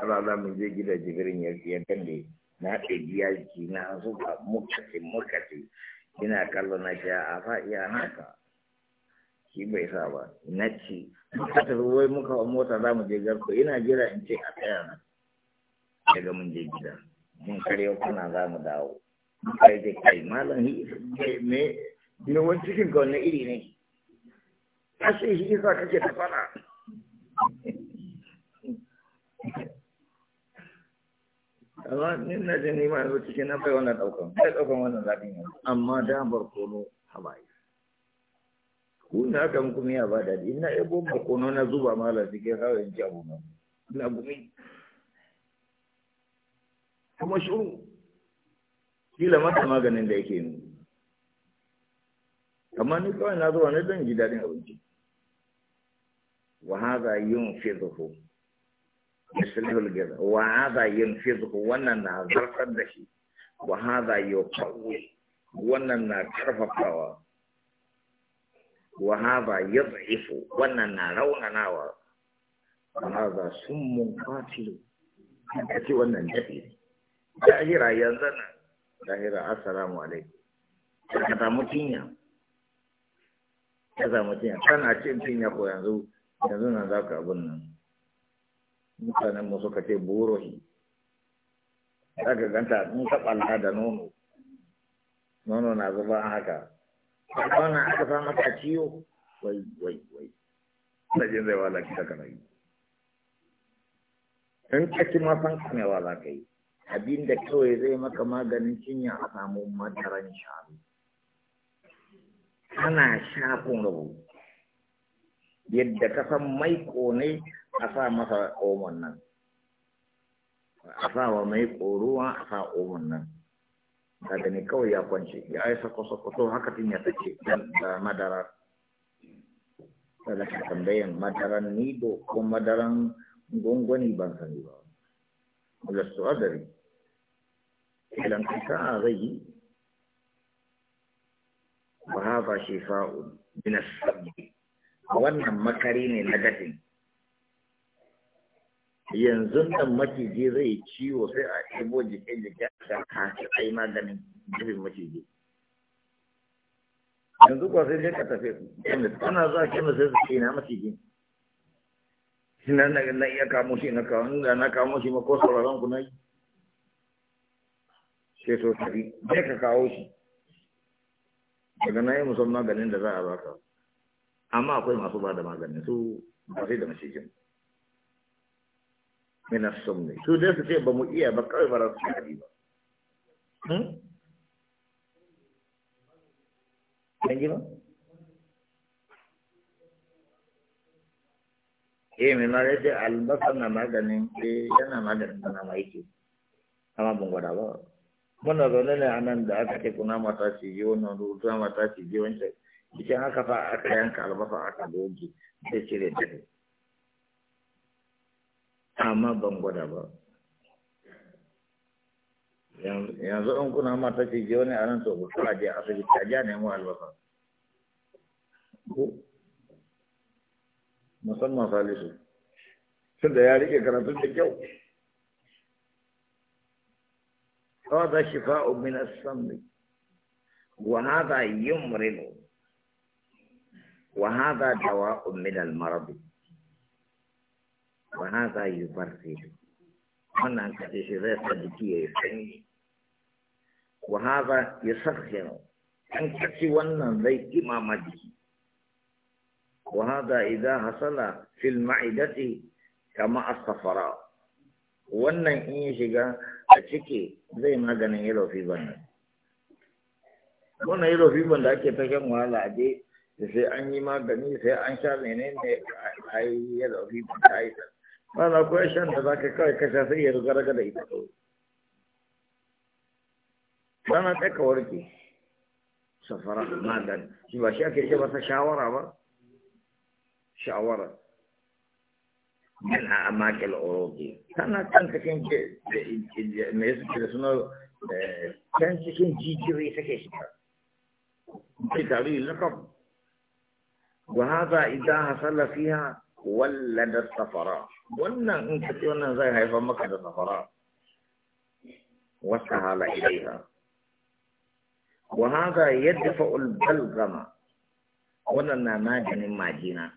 ala alala mu je gida jibirin ya ya ne na ɗe biya ji na zuba mukaci mukaci ina kallo na sha a na ka. shi bai sa ba na ci ka tafi wai muka wa mota za mu je garko ina jira in ce a tsaya na daga mun je gida mun karya kuna za mu dawo kai da kai malam me ne wani cikin ga wani iri ne ashe shi isa kake ta fara amma ni na jin ni ma yanzu cikin na bai wannan daukan bai daukan wannan zaɓin yanzu amma da barkono hawaii ku na aka muku miya ba daɗi ina ebo barkono na zuba malam cikin hawaii in ci abu na gumi kuma shuru kila mata maganin da yake yi amma ni kawai na zuwa ne don ji daɗin abinci wa haza yin fizuhu misalihul gaza wa haza yin fizuhu wannan na zartar da shi wa haza yuqawwi wannan na karfafawa wa haza yad'ifu wannan na raunanawa wa haza summun qatilu kace wannan dafi ne ya jira yanzu nan lahira assalamu alaikum ka samu tinya ka samu tinya kana cin tinya ko yanzu yanzu nan za ka abin nan mutanen mu suka ce burohi za ka ganta mun taɓa da nono nono na zuba haka wannan aka sa maka ciwo wai wai wai jin zai wala kita kana yi in ka ci ma san kame wala ka yi abin da kawai zai maka maganin cinya a samu madaran shanu ana shafin rabu yadda ka san mai ne a sa masa omon nan a sa wa mai ruwa a sa omon nan daga ne kawai ya kwance ya ai sako haka tun ya tace da madara da tambayan madaran nido ko madaran gungwani ban sani ba. Wala su adari. idan a zai yi ha ba shi min as-sabbi wannan makari ne na gadin yanzu nan maciji zai ciwo sai a ɗebo jikin jiki a kashi a yi maganin jibin maciji yanzu kuwa sai dai ka tafi kemis ana zuwa kemis sai su ce na maciji na na iya kamo shi na kawo na kamo shi ma ko sauraron ku na yi sai to tafi je ka kawo shi daga na yi musamman maganin da za a ba baka amma akwai masu ba da maganin su ba sai da mashigin mina sumni su dai su ce ba mu iya ba kawai ba za su haɗi ba E hmm? ba? Eh, mai mara ce albasa na maganin, eh, yana maganin sana ma yake, amma ban gwada ba. muna zaune ne a nan da aka ce kuna mata ci je wannan rubuta mata ci je wancan cikin haka fa aka yanka albasa aka doge sai cire dafi amma ban gwada ba yanzu in kuna mata ce je wani a nan to ku je asibiti a ja nemo albasa musamman salisu tun da ya rike karatun da kyau هذا شفاء من الصمد وهذا يمرض وهذا دواء من المرض وهذا يبرد هنا كتشفاء وهذا يسخن أن تسوانا ذي إمام وهذا إذا حصل في المعدة كما الصفراء وأن إن شجع a ciki zai maganin yellow fever ne wannan yellow fever da ake ta shan wahala a je sai an yi magani sai an sha ne a yi yellow fever ta yi ba na kuwa shan da za ka kawai kasha sai ya raga da ita kawai rana ɗaya ka warke safara magani shi ba shi ake ce masa shawara ba shawara min a amakil orobi tana kan cikin mai suke da suna can cikin jijiyoyi ke shiga sai taru yi lakab wa haza idan hasala fiha walla da safara wannan in ka ce wannan zai haifar maka da safara wasu hala ilaiha wa haza yadda fa'ul balgama wannan na maganin majina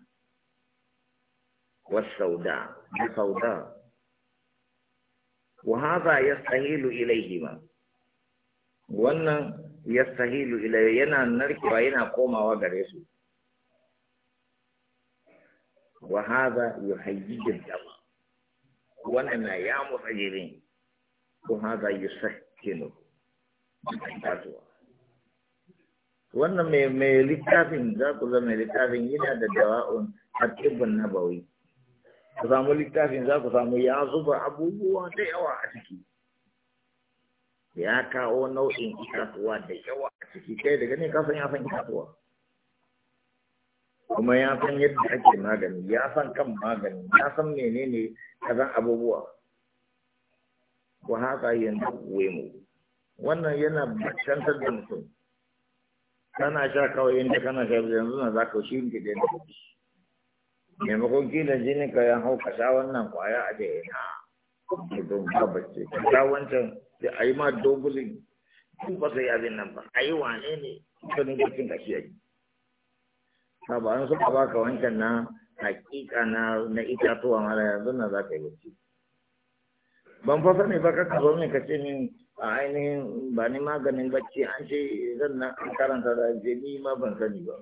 والسوداء السوداء وهذا يستهيل إليهما wannan ya sahilu ينا yana narkewa yana komawa gare su wa haza yuhayyijin dama wannan na ya motsa wannan mai littafin za ku zama mai littafin yana da dawa'un a tibbin nabawi ka samu littafin za ku samu ya zuba abubuwa da yawa a ciki ya kawo nau'in itatuwa da yawa a ciki kai daga ne kasan ya san itatuwa kuma ya san yadda ake magani ya san kan magani ya san menene kazan abubuwa ko haka yanzu kuwe mu wannan yana bacantar da mutum kana sha kawai inda kana sha yanzu na za ka shi ne da yanzu maimakon kila jini ka ya hau kasa wannan kwaya a da yana don ba bacci Kasa wancan sai a yi ma dogulin tun ba sai abin nan ba a yi wane ne sanin kacin kashi a yi ta ba an suka baka wancan na hakika na na itatuwa mara yanzu na za ka yi bacci ban fasa ne ba ka kaso ne ka ce min a ainihin ba ni maganin bacci an ce zan na karanta da jini ma ban sani ba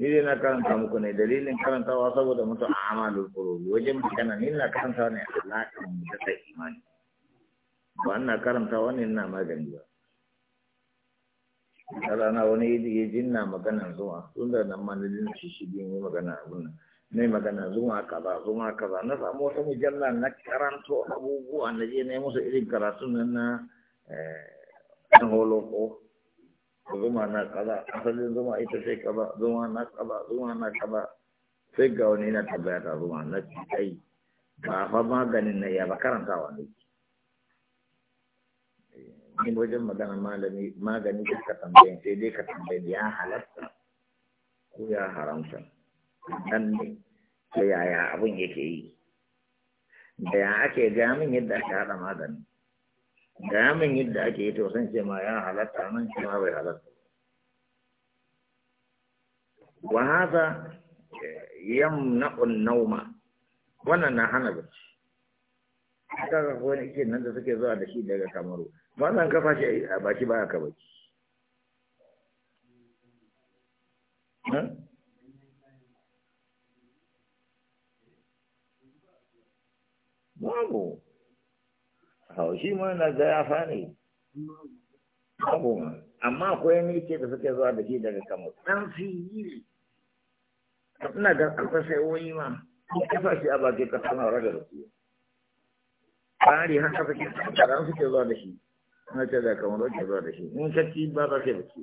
ni dai na karanta muku ne dalilin karantawa saboda mutu a amalul qulubi wajen magana ni na karanta ne alaƙan da ta imani ba ina karanta wani ina magani ba rana wani ya jinna magana zuwa tun da nan ma nan shi shi biyan yi magana abun nan na yi magana zuwa kaza zuwa kaza na samu wata mujalla na karanto abubuwa na je na yi musu irin karatu na eh, na ɗan holoko zuma na kaza asalin zuma ita ce kaza zuma na kaza zuma na kaza sai ga wani yana tambaya ta zuma na ci kai ba fa maganin na ya ba karanta wa ne eh, ni wajen magana malami magani ka ka tambaye sai dai ka tambaye ya halatta ko ya haramta dan ne sai yaya abun yake yi da ya ake ga min yadda aka hada magani gaya min yadda ake yi to san ce ma ya halatta nan ce ma bai halatta wa hada eh, yamna'u nauma wannan na hana bacci kaga ko wani ikin nan da suke zuwa da shi daga kamaru ba zan kafa shi a baki ba ka bacci babu shi ma na fa ne amma akwai ne ce da suke zuwa da shi daga kamar ɗan ne ina da akwai sai wani ma ko kafa shi a bakin kasa na raga da su tsari haka suke tsaron suke zuwa da shi na ce da kamar wajen zuwa da shi in ka ci ba za ka yi bacci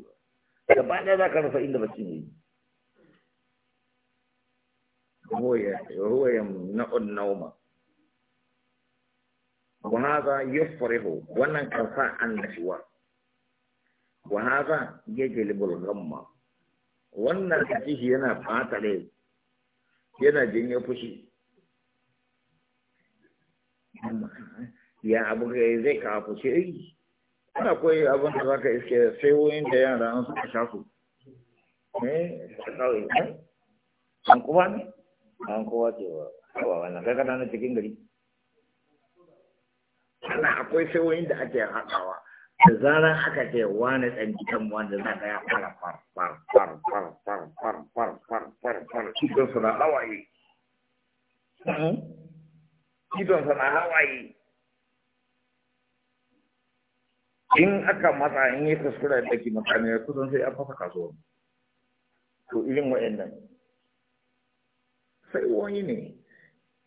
ba ba ɗaya za ka rasa inda baki ne yi هو هو يمنع النوم وهذا يفرح وانا كفاء النشوة وهذا يجلب الغم وانا كتيه ينا فات عليه ينا جن فشي يا أبو زي كافو شيء أنا كوي أبو نزاك إسكي سيوين ديان رانسو كشافو eh kawai an kuwa ne an kuwa cewa kawawa na kai kana wannan akwai sayoyin da ake haɗawa da zarar aka ce wani ɗan jikin wanda za ka ya fara far far far far far far far far far far cikin su hawaye cikin mm-hmm. hawaye in aka matsa in yi kuskure da ke mutane ya kusan sai an fasa kasuwa to irin wa'annan sai wani ne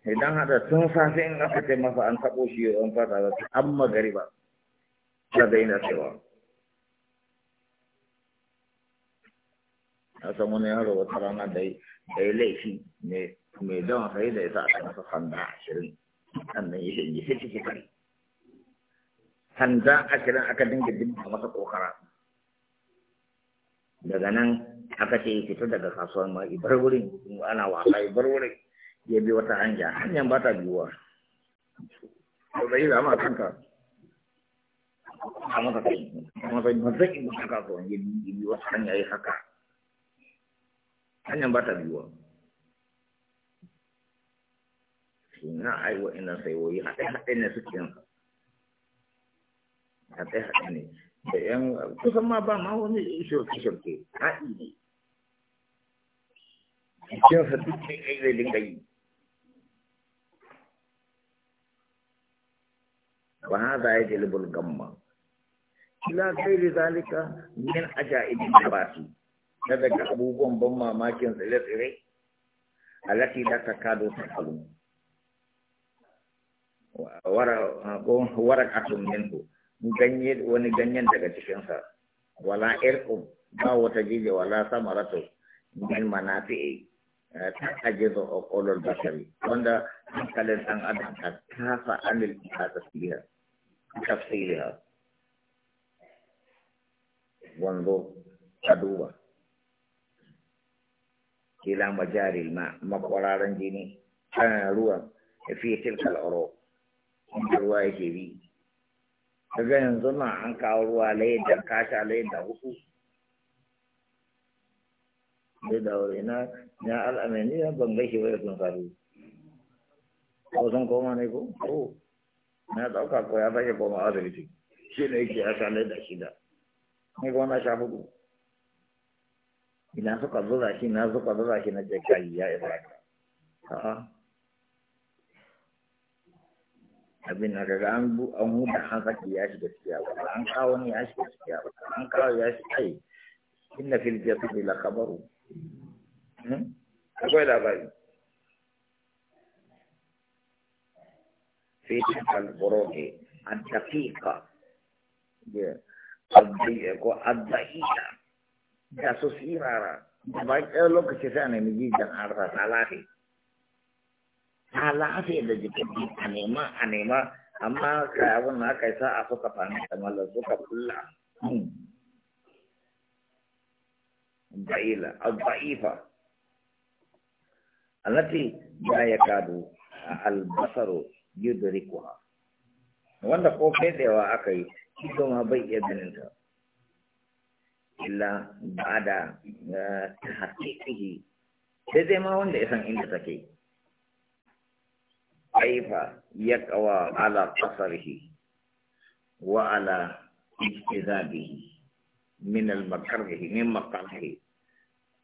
idan hada tun safe in aka ce masa an taɓo shi an fata ba an magari ba ta daina cewa a samu ne yaro wata rana da ya laifi mai dawan sai da ya sa a masa sanda ashirin sannan ya shirye sai ciki kare sanda ashirin aka dinga dinga masa kokara daga nan aka ce ya fita daga kasuwar ma ibar wurin ana wasa ibar wurin ya bi wata hanya hanyar ba ta biyuwa to zai zama kanka a masa kai zai yi ya bi wata hanya ya haka hanyar ba ta biyuwa na ai wa'annan saiwoyi haɗe-haɗe ne suke haɗe-haɗe ne da yan kusan ma ba ma wani shirke-shirke haɗi ne cikin sa duk sai ai zai dinga yi وهذا يجلب الغم إلى غير ذلك من عجائب النبات لذلك أبوبهم بما ما كان ثلاث التي لا تكاد تحلم ورقة منه ganye wani ganyen daga cikin sa. wala irkum ba wata jije wala samaratu min manafi'i ta ajizu uqulul bashari wanda hankalin dan adam ta kafa anil ihata fiha تفصيلها وانظر تدوبة إلى مجاري الماء مقرارا جيني روى في تلك العروق ruwa yake bi kaga yanzu nan an kawo ruwa laida kasha laida hudu da daure na na al'amani ban ba sun koma ne ko na ɗauka ko ya sake koma asibiti shi ne yake ya sanar da shida ne ko na sha hudu ina suka zuba shi na suka zuba shi na jekayi ya ibrahim a'a abin na daga an bu an huda hankali ya shiga cikiya ba an kawo ne ya shiga cikiya ba an kawo ya shiga kai inna fil jasadi la khabaru hmm? akwai labari في تلك البروج الدقيقة الضيقة جاسوس إيرارا بايك لوك شسانة مجيجا عرضا ثلاثة ثلاثة إذا جكت أنيما أنيما أما كأبن ما كيسا أسوك فاني تمال سوك كلا ضعيلة الضعيفة التي لا يكاد البصر yudrikuha wanda ko fedewa aka yi shi ma bai iya ganin ta illa ba'da eh, tahqiqihi sai dai ma wanda ya san inda take kaifa yaqwa ala qasrihi wa ala ijtizabihi min al-makarhi min makarhi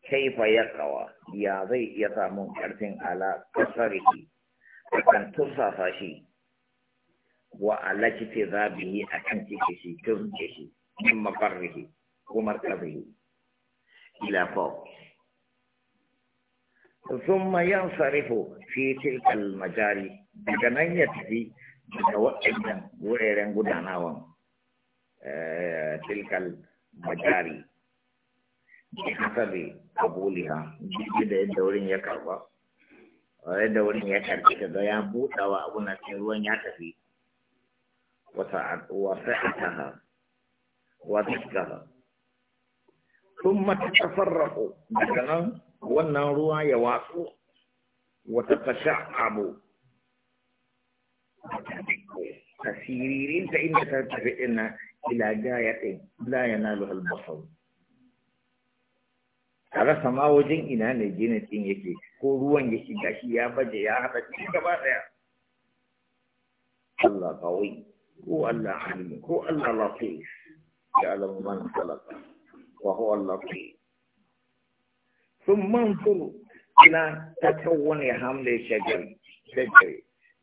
kaifa yaqwa ya zai iya samun karfin ala qasrihi akan turfafa shi wa alaki fi zabihi akan cike shi turke shi min mafarrihi ko markazihi ila fawq ثم ينصرف fi تلك المجاري daga nan ya tafi daga waɗannan wuraren gudanawan eh, tilkal majari da hasabe abuliha da yadda wurin ya karba wai da wurin ya karbi ka ga ya buɗa wa abu na sai ruwan ya tafi wata wata wata ثم تتفرق مثلا wannan ruwa ya watsu wata tasha'abu tasiririnta inda ta tafi ina ila gayatin la yanalu al-basar a rasa ma wajen ina ne ginin ɗin yake ko ruwan ya shiga shi ya baje ya haɗa cikin gaba ɗaya Allah kawai ko Allah alimu ko Allah latif ya alamu man salaka wa huwa latif sun ta ila wani hamle shajar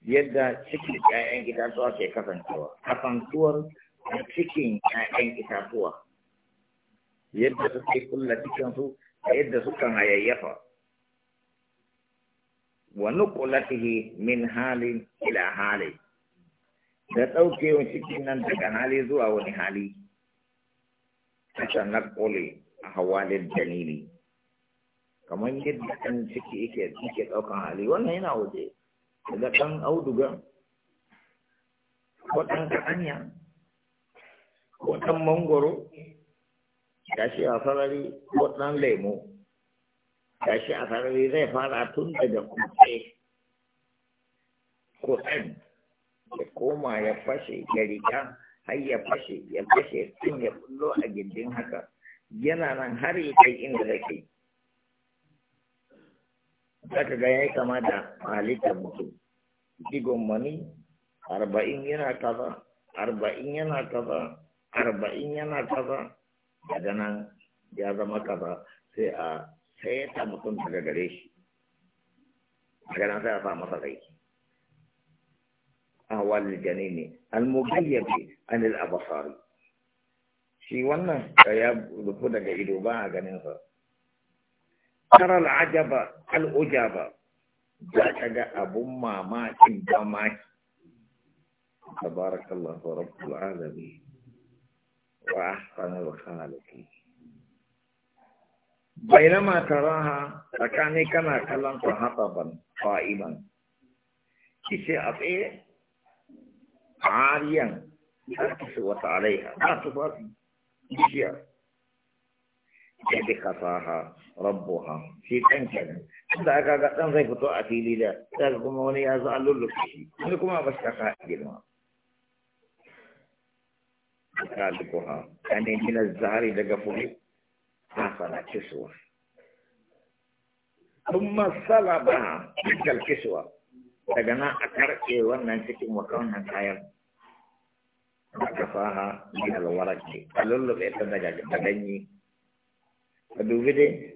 yadda cikin ƴaƴan itatuwa ke kasancewa kasantuwar cikin ƴaƴan itatuwa yadda suke kulla cikin su a yadda sukan hayayyafa wa nuqlatihi min halin ila hali da ɗaukewan cikin nan daga hali zuwa wani hali ta naqli a hawalin dalili kamar yadda ɗan ciki yake yake ɗaukan hali wannan yana waje daga ɗan auduga ko ɗan kaɗanya ko ɗan mangoro gashi a farari ko ɗan lemo gashi a farari zai fara tun daga ko ɗan ya koma ya fashe ya riga har ya fashe ya fashe tun ya kullo a gindin haka yana nan har ya kai inda zai zaka ga yayi kama da halittar mutum digon mani arba'in yana kaza arba'in yana kaza arba'in yana kaza أنا جدما كبا في ا سيتا متون تغريش جدنا سيتا فاما تغريش أهوال الجنين المغيب عن الأبصار شي وانا يا بودا جيدو با غنين سو ترى العجب الأجاب جاءت أبو ماما تبا تبارك الله رب العالمين وأحسن الخالق بينما تراها فكان كما كلم فهطبا قائما كيسي أطيع عاليا لا تسوت عليها لا تفاتي بشيء yadda kasaha rabbuha shi ɗan kenan inda ga ɗan zai fito a fili da daga kuma wani ya zo an lullufe shi wani kuma ba shi aka girma سابقها يعني من الزهري لقفه حصل كسوة ثم صلبها تلك الكسوة لقنا أكرئي إيوان ننسك وكونها كاير وكفاها من الورق اللولو بيتدقى بدني فدوبي دي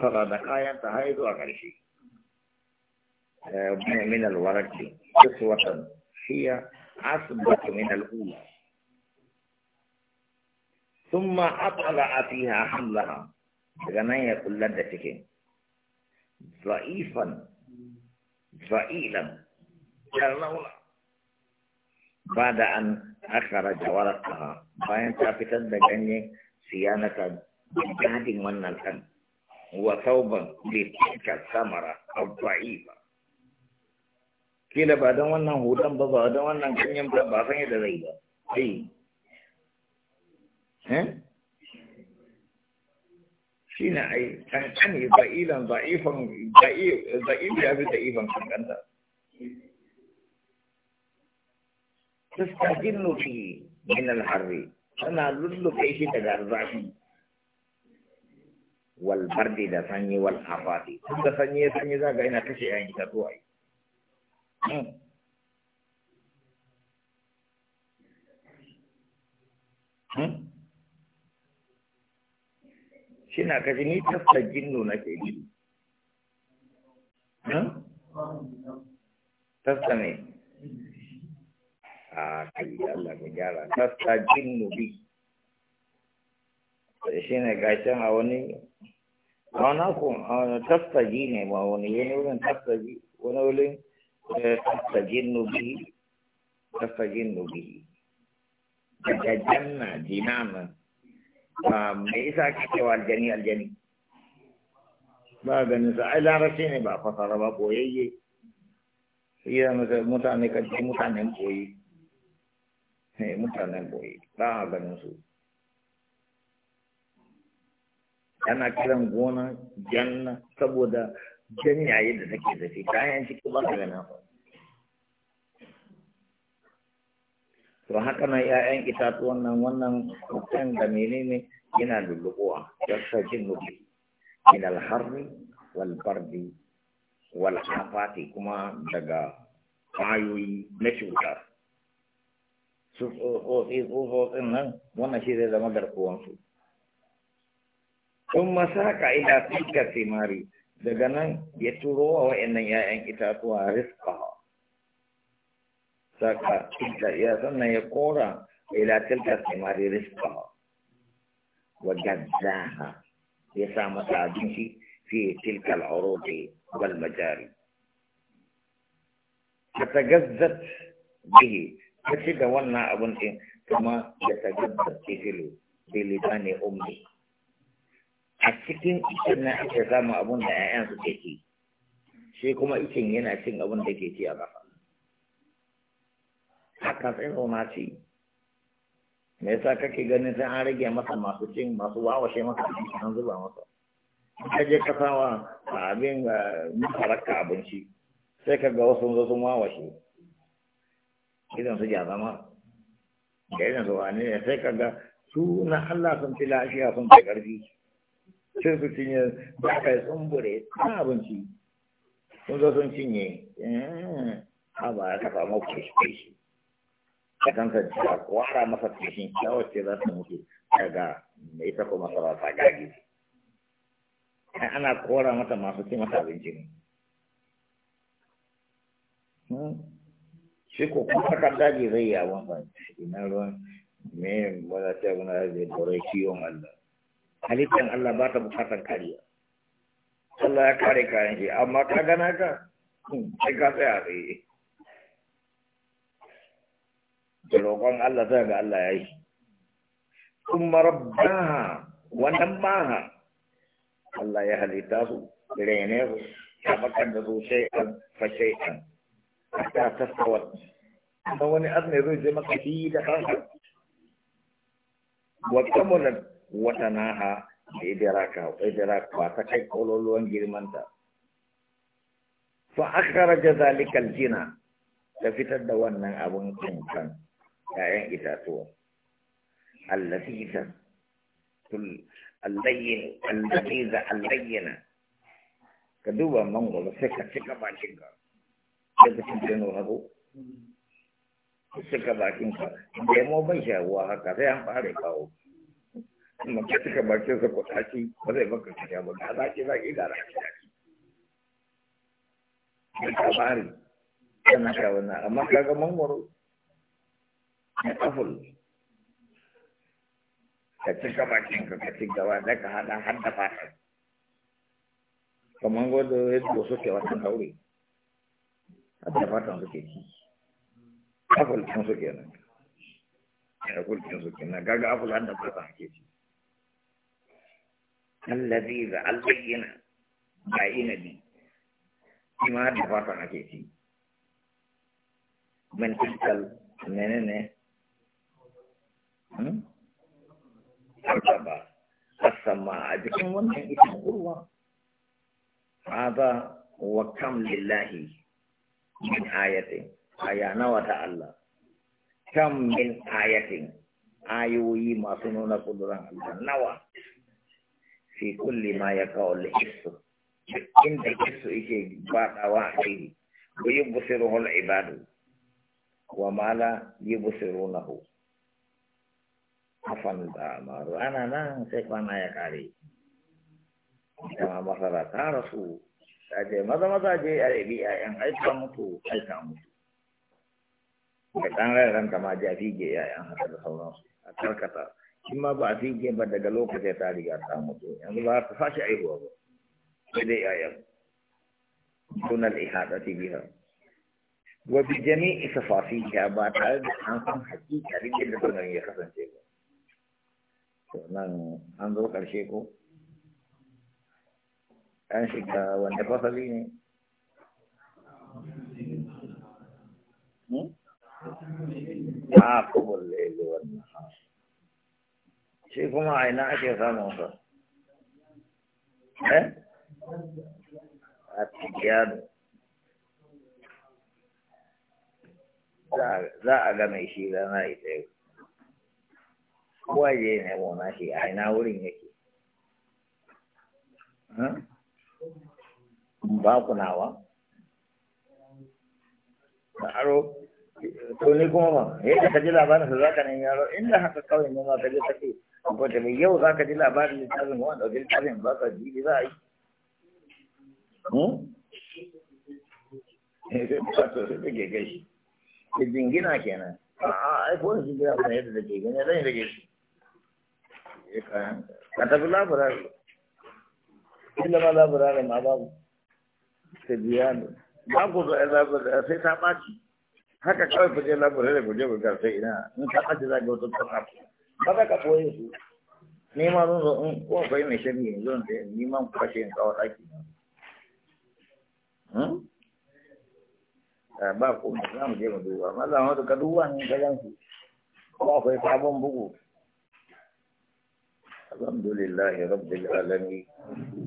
صلى دقايا تهايد وغرشي آه، من الورق كسوة هي عصبة من الأولى ثم أطلع فيها حملها غناية كل ذلك ضعيفا ضئيلا كالنولة بعد أن أخرج ورقها فإن تابتا دجني صيانة بجهد من الأن وثوبا لتلك الثمرة الضعيفة كلا بعد أن هدم بعد أن كان يمتى بعدين يدري shi na ai kankani za'ilan za'ifan za'if ya fi za'ifan kankanta تستجن فيه من الحر أنا لطلب إيش تجارزاكي والبرد ده سني والحرات ده سني سني ذا جاينا كشي عين يعني كتوعي هم Shina kaji ni tafka jinnu nake ji. Tafka ne? A kai Allah mu gyara. Tafka jinnu bi. Eh, shi ne gashin a wani a wani kun a wani tafka ne ma wani wani wurin tafka ji wani wurin eh, tafka jinnu bi. Tafka jinnu bi. Daga janna jinanan. me yasa ake cewa aljani aljani ba ganin sa ai larabci ne ba fasara ba boyayye iya mutane kaji mutanen boye eh, mutanen boye ba a ganin su ana kiran gona janna saboda janyaye da take zafi kayan ciki ba ka ganin su to haka nan ƴaƴan itatuwan nan wannan kan da menene yana lulluɓuwa yasa jin nufi min alharri wal bardi wal afati kuma daga wayoyi na cuta su tsotsi tsotsotsin nan wannan shi zai zama garkuwansu sun masaka ila fika simari daga nan ya turo wa wa'annan 'ya'yan itatuwa rizqa saka tilka ya sannan ya kora ila tilka samari rizqa wa gaddaha ya sa masa abinci fi tilka al'urudi wal majari gazzat bihi ta ci da wannan abun din kuma ya tagazzat tifilu bi libani ummi a cikin ikin na ake samun abun da 'ya'yan suke ci shi kuma ikin yana cin abun da ke ci a kafa haka sai noma ce me yasa kake ganin sai an rage masa masu cin masu wawashe masa an zuba masa ka je ka sawa abin masararka abinci sai ka ga wasu zo sun wawashe idan su ja zama da idan su wani ne sai ka ga su na Allah sun fi lafiya sun fi ƙarfi sai su cinye ba ka yi tsumbure ta abinci sun zo sun cinye eh, a ba ya ka mafi shi ta kanka ta kwara masa cikin kyawar ce za ta mutu daga ita kuma sa ta gagi ana kora mata masu ce mata abinci ne hmm. shi ko kuma ka daji zai yi abin ba ina ruwan me wanda ta guna zai dore kiwon Allah halittar Allah ba ta bukatar kariya Allah ya kare kayan shi amma ka gana ka hmm, sai ka tsaya tsaye da roƙon Allah zai ga Allah ya yi kuma rabbaha wannan maha Allah ya halitta su rene su ya bakar da su a fashe a ta tasawwar Amma wani abu ne zai maka da kanka Wata mula wata naha da idiraka ka ta kai kololuwan girmanta fa akhraja zalika jina, ta fitar da wannan abun kankan كائن إذا توم اللذيذة اللين اللذيذة اللينة كدوبا منغول سكا سكا باشنغا كدوبا كنتنو هدو سكا باشنغا ديمو بيشا واها كذيان باري باو ما كتك باشنغا كتاشي بذي بكر كتابو نعداشي باك إدارا كتاشي كتاباري كنا كاونا أما كاكا منغول kaful ka cika bakin ka ka ci gaba da ka hada har da fata kamar gwada yadda suke wata daure har da fatan suke ci kaful ɗin suke nan kaful ɗin suke nan gaga aful har da fatan suke ci allazi da albayyana ba inabi shi ma har da fatan ake ci من تلك المننة Hmm? ba asama a jikin wannan ita kurwa hada wa kam lillahi min ayatin aya nawa ta Allah kam min ayatin ayoyi masu nuna kuduran Allah nawa fi kulli ma ya kawo lahisu inda kisu yake badawa a yi ko yi busiruhul ibadu wa mala yi busirunahu afan da maru ana nan sai kwana ya kare kama masara ta rasu ta je maza maza je a rabi a yan aika mutu aika mutu da ɗan rairan ta ma ji a fige yayan haka da sauransu a karkata shi ma ba a fige ba daga lokacin ta riga ta mutu yanzu ba ta sashi aihuwa ba sai dai yayan sunan ihadati biha wa bi jami'i tafasiha ba tare da an san hakikarin yadda sunan ya kasance ba nan an zo ƙarshe ko an shiga wanda fasali ne Ma kubur lele wannan shi kuma aina ake samun sa eh a tikiyar za a game shi rana ita yau kowa je ne mona shi a ina wurin yake ba ku nawa da aro to ni kuma ba yadda ka ji labarin su za ka nan yaro inda haka kawai ne ma ka je kake ko ta mai yau za ka ji labarin littafin wanda ɗauki littafin ba ka ji za a yi wato hmm? eh, sai take gashi jingina kenan a'a ai ko jingina ba yadda ke gani zan yi da shi? sai kayan ka tafi laburare kila ba laburare ma babu sai biya ne babu da laburare sai haka kawai fuje laburare ku je ku garfe ina in ta ɓaci za ka wata ba za ka koye ni ma zan zo ko akwai mai ni ma mu ma ka bugu الحمد لله رب العالمين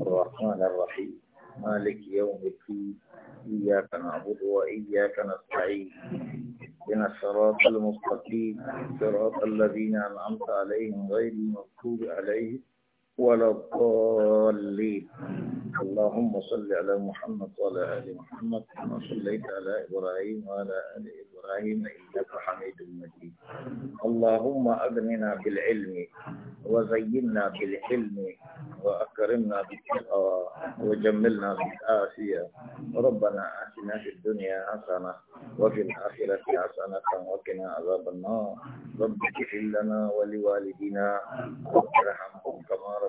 الرحمن الرحيم مالك يوم الدين إياك نعبد وإياك نستعين من الصراط المستقيم صراط الذين أنعمت عليهم غير المغضوب عليهم ولا الضالين اللهم صل على محمد وعلى آل محمد كما صليت على إبراهيم وعلى آل إبراهيم إنك حميد مجيد اللهم أغننا بالعلم وزينا بالحلم وأكرمنا بالتقوى وجملنا بالعافية ربنا آتنا في الدنيا حسنة وفي الآخرة حسنة وقنا عذاب النار رب اغفر لنا ولوالدينا وارحمهم كما رب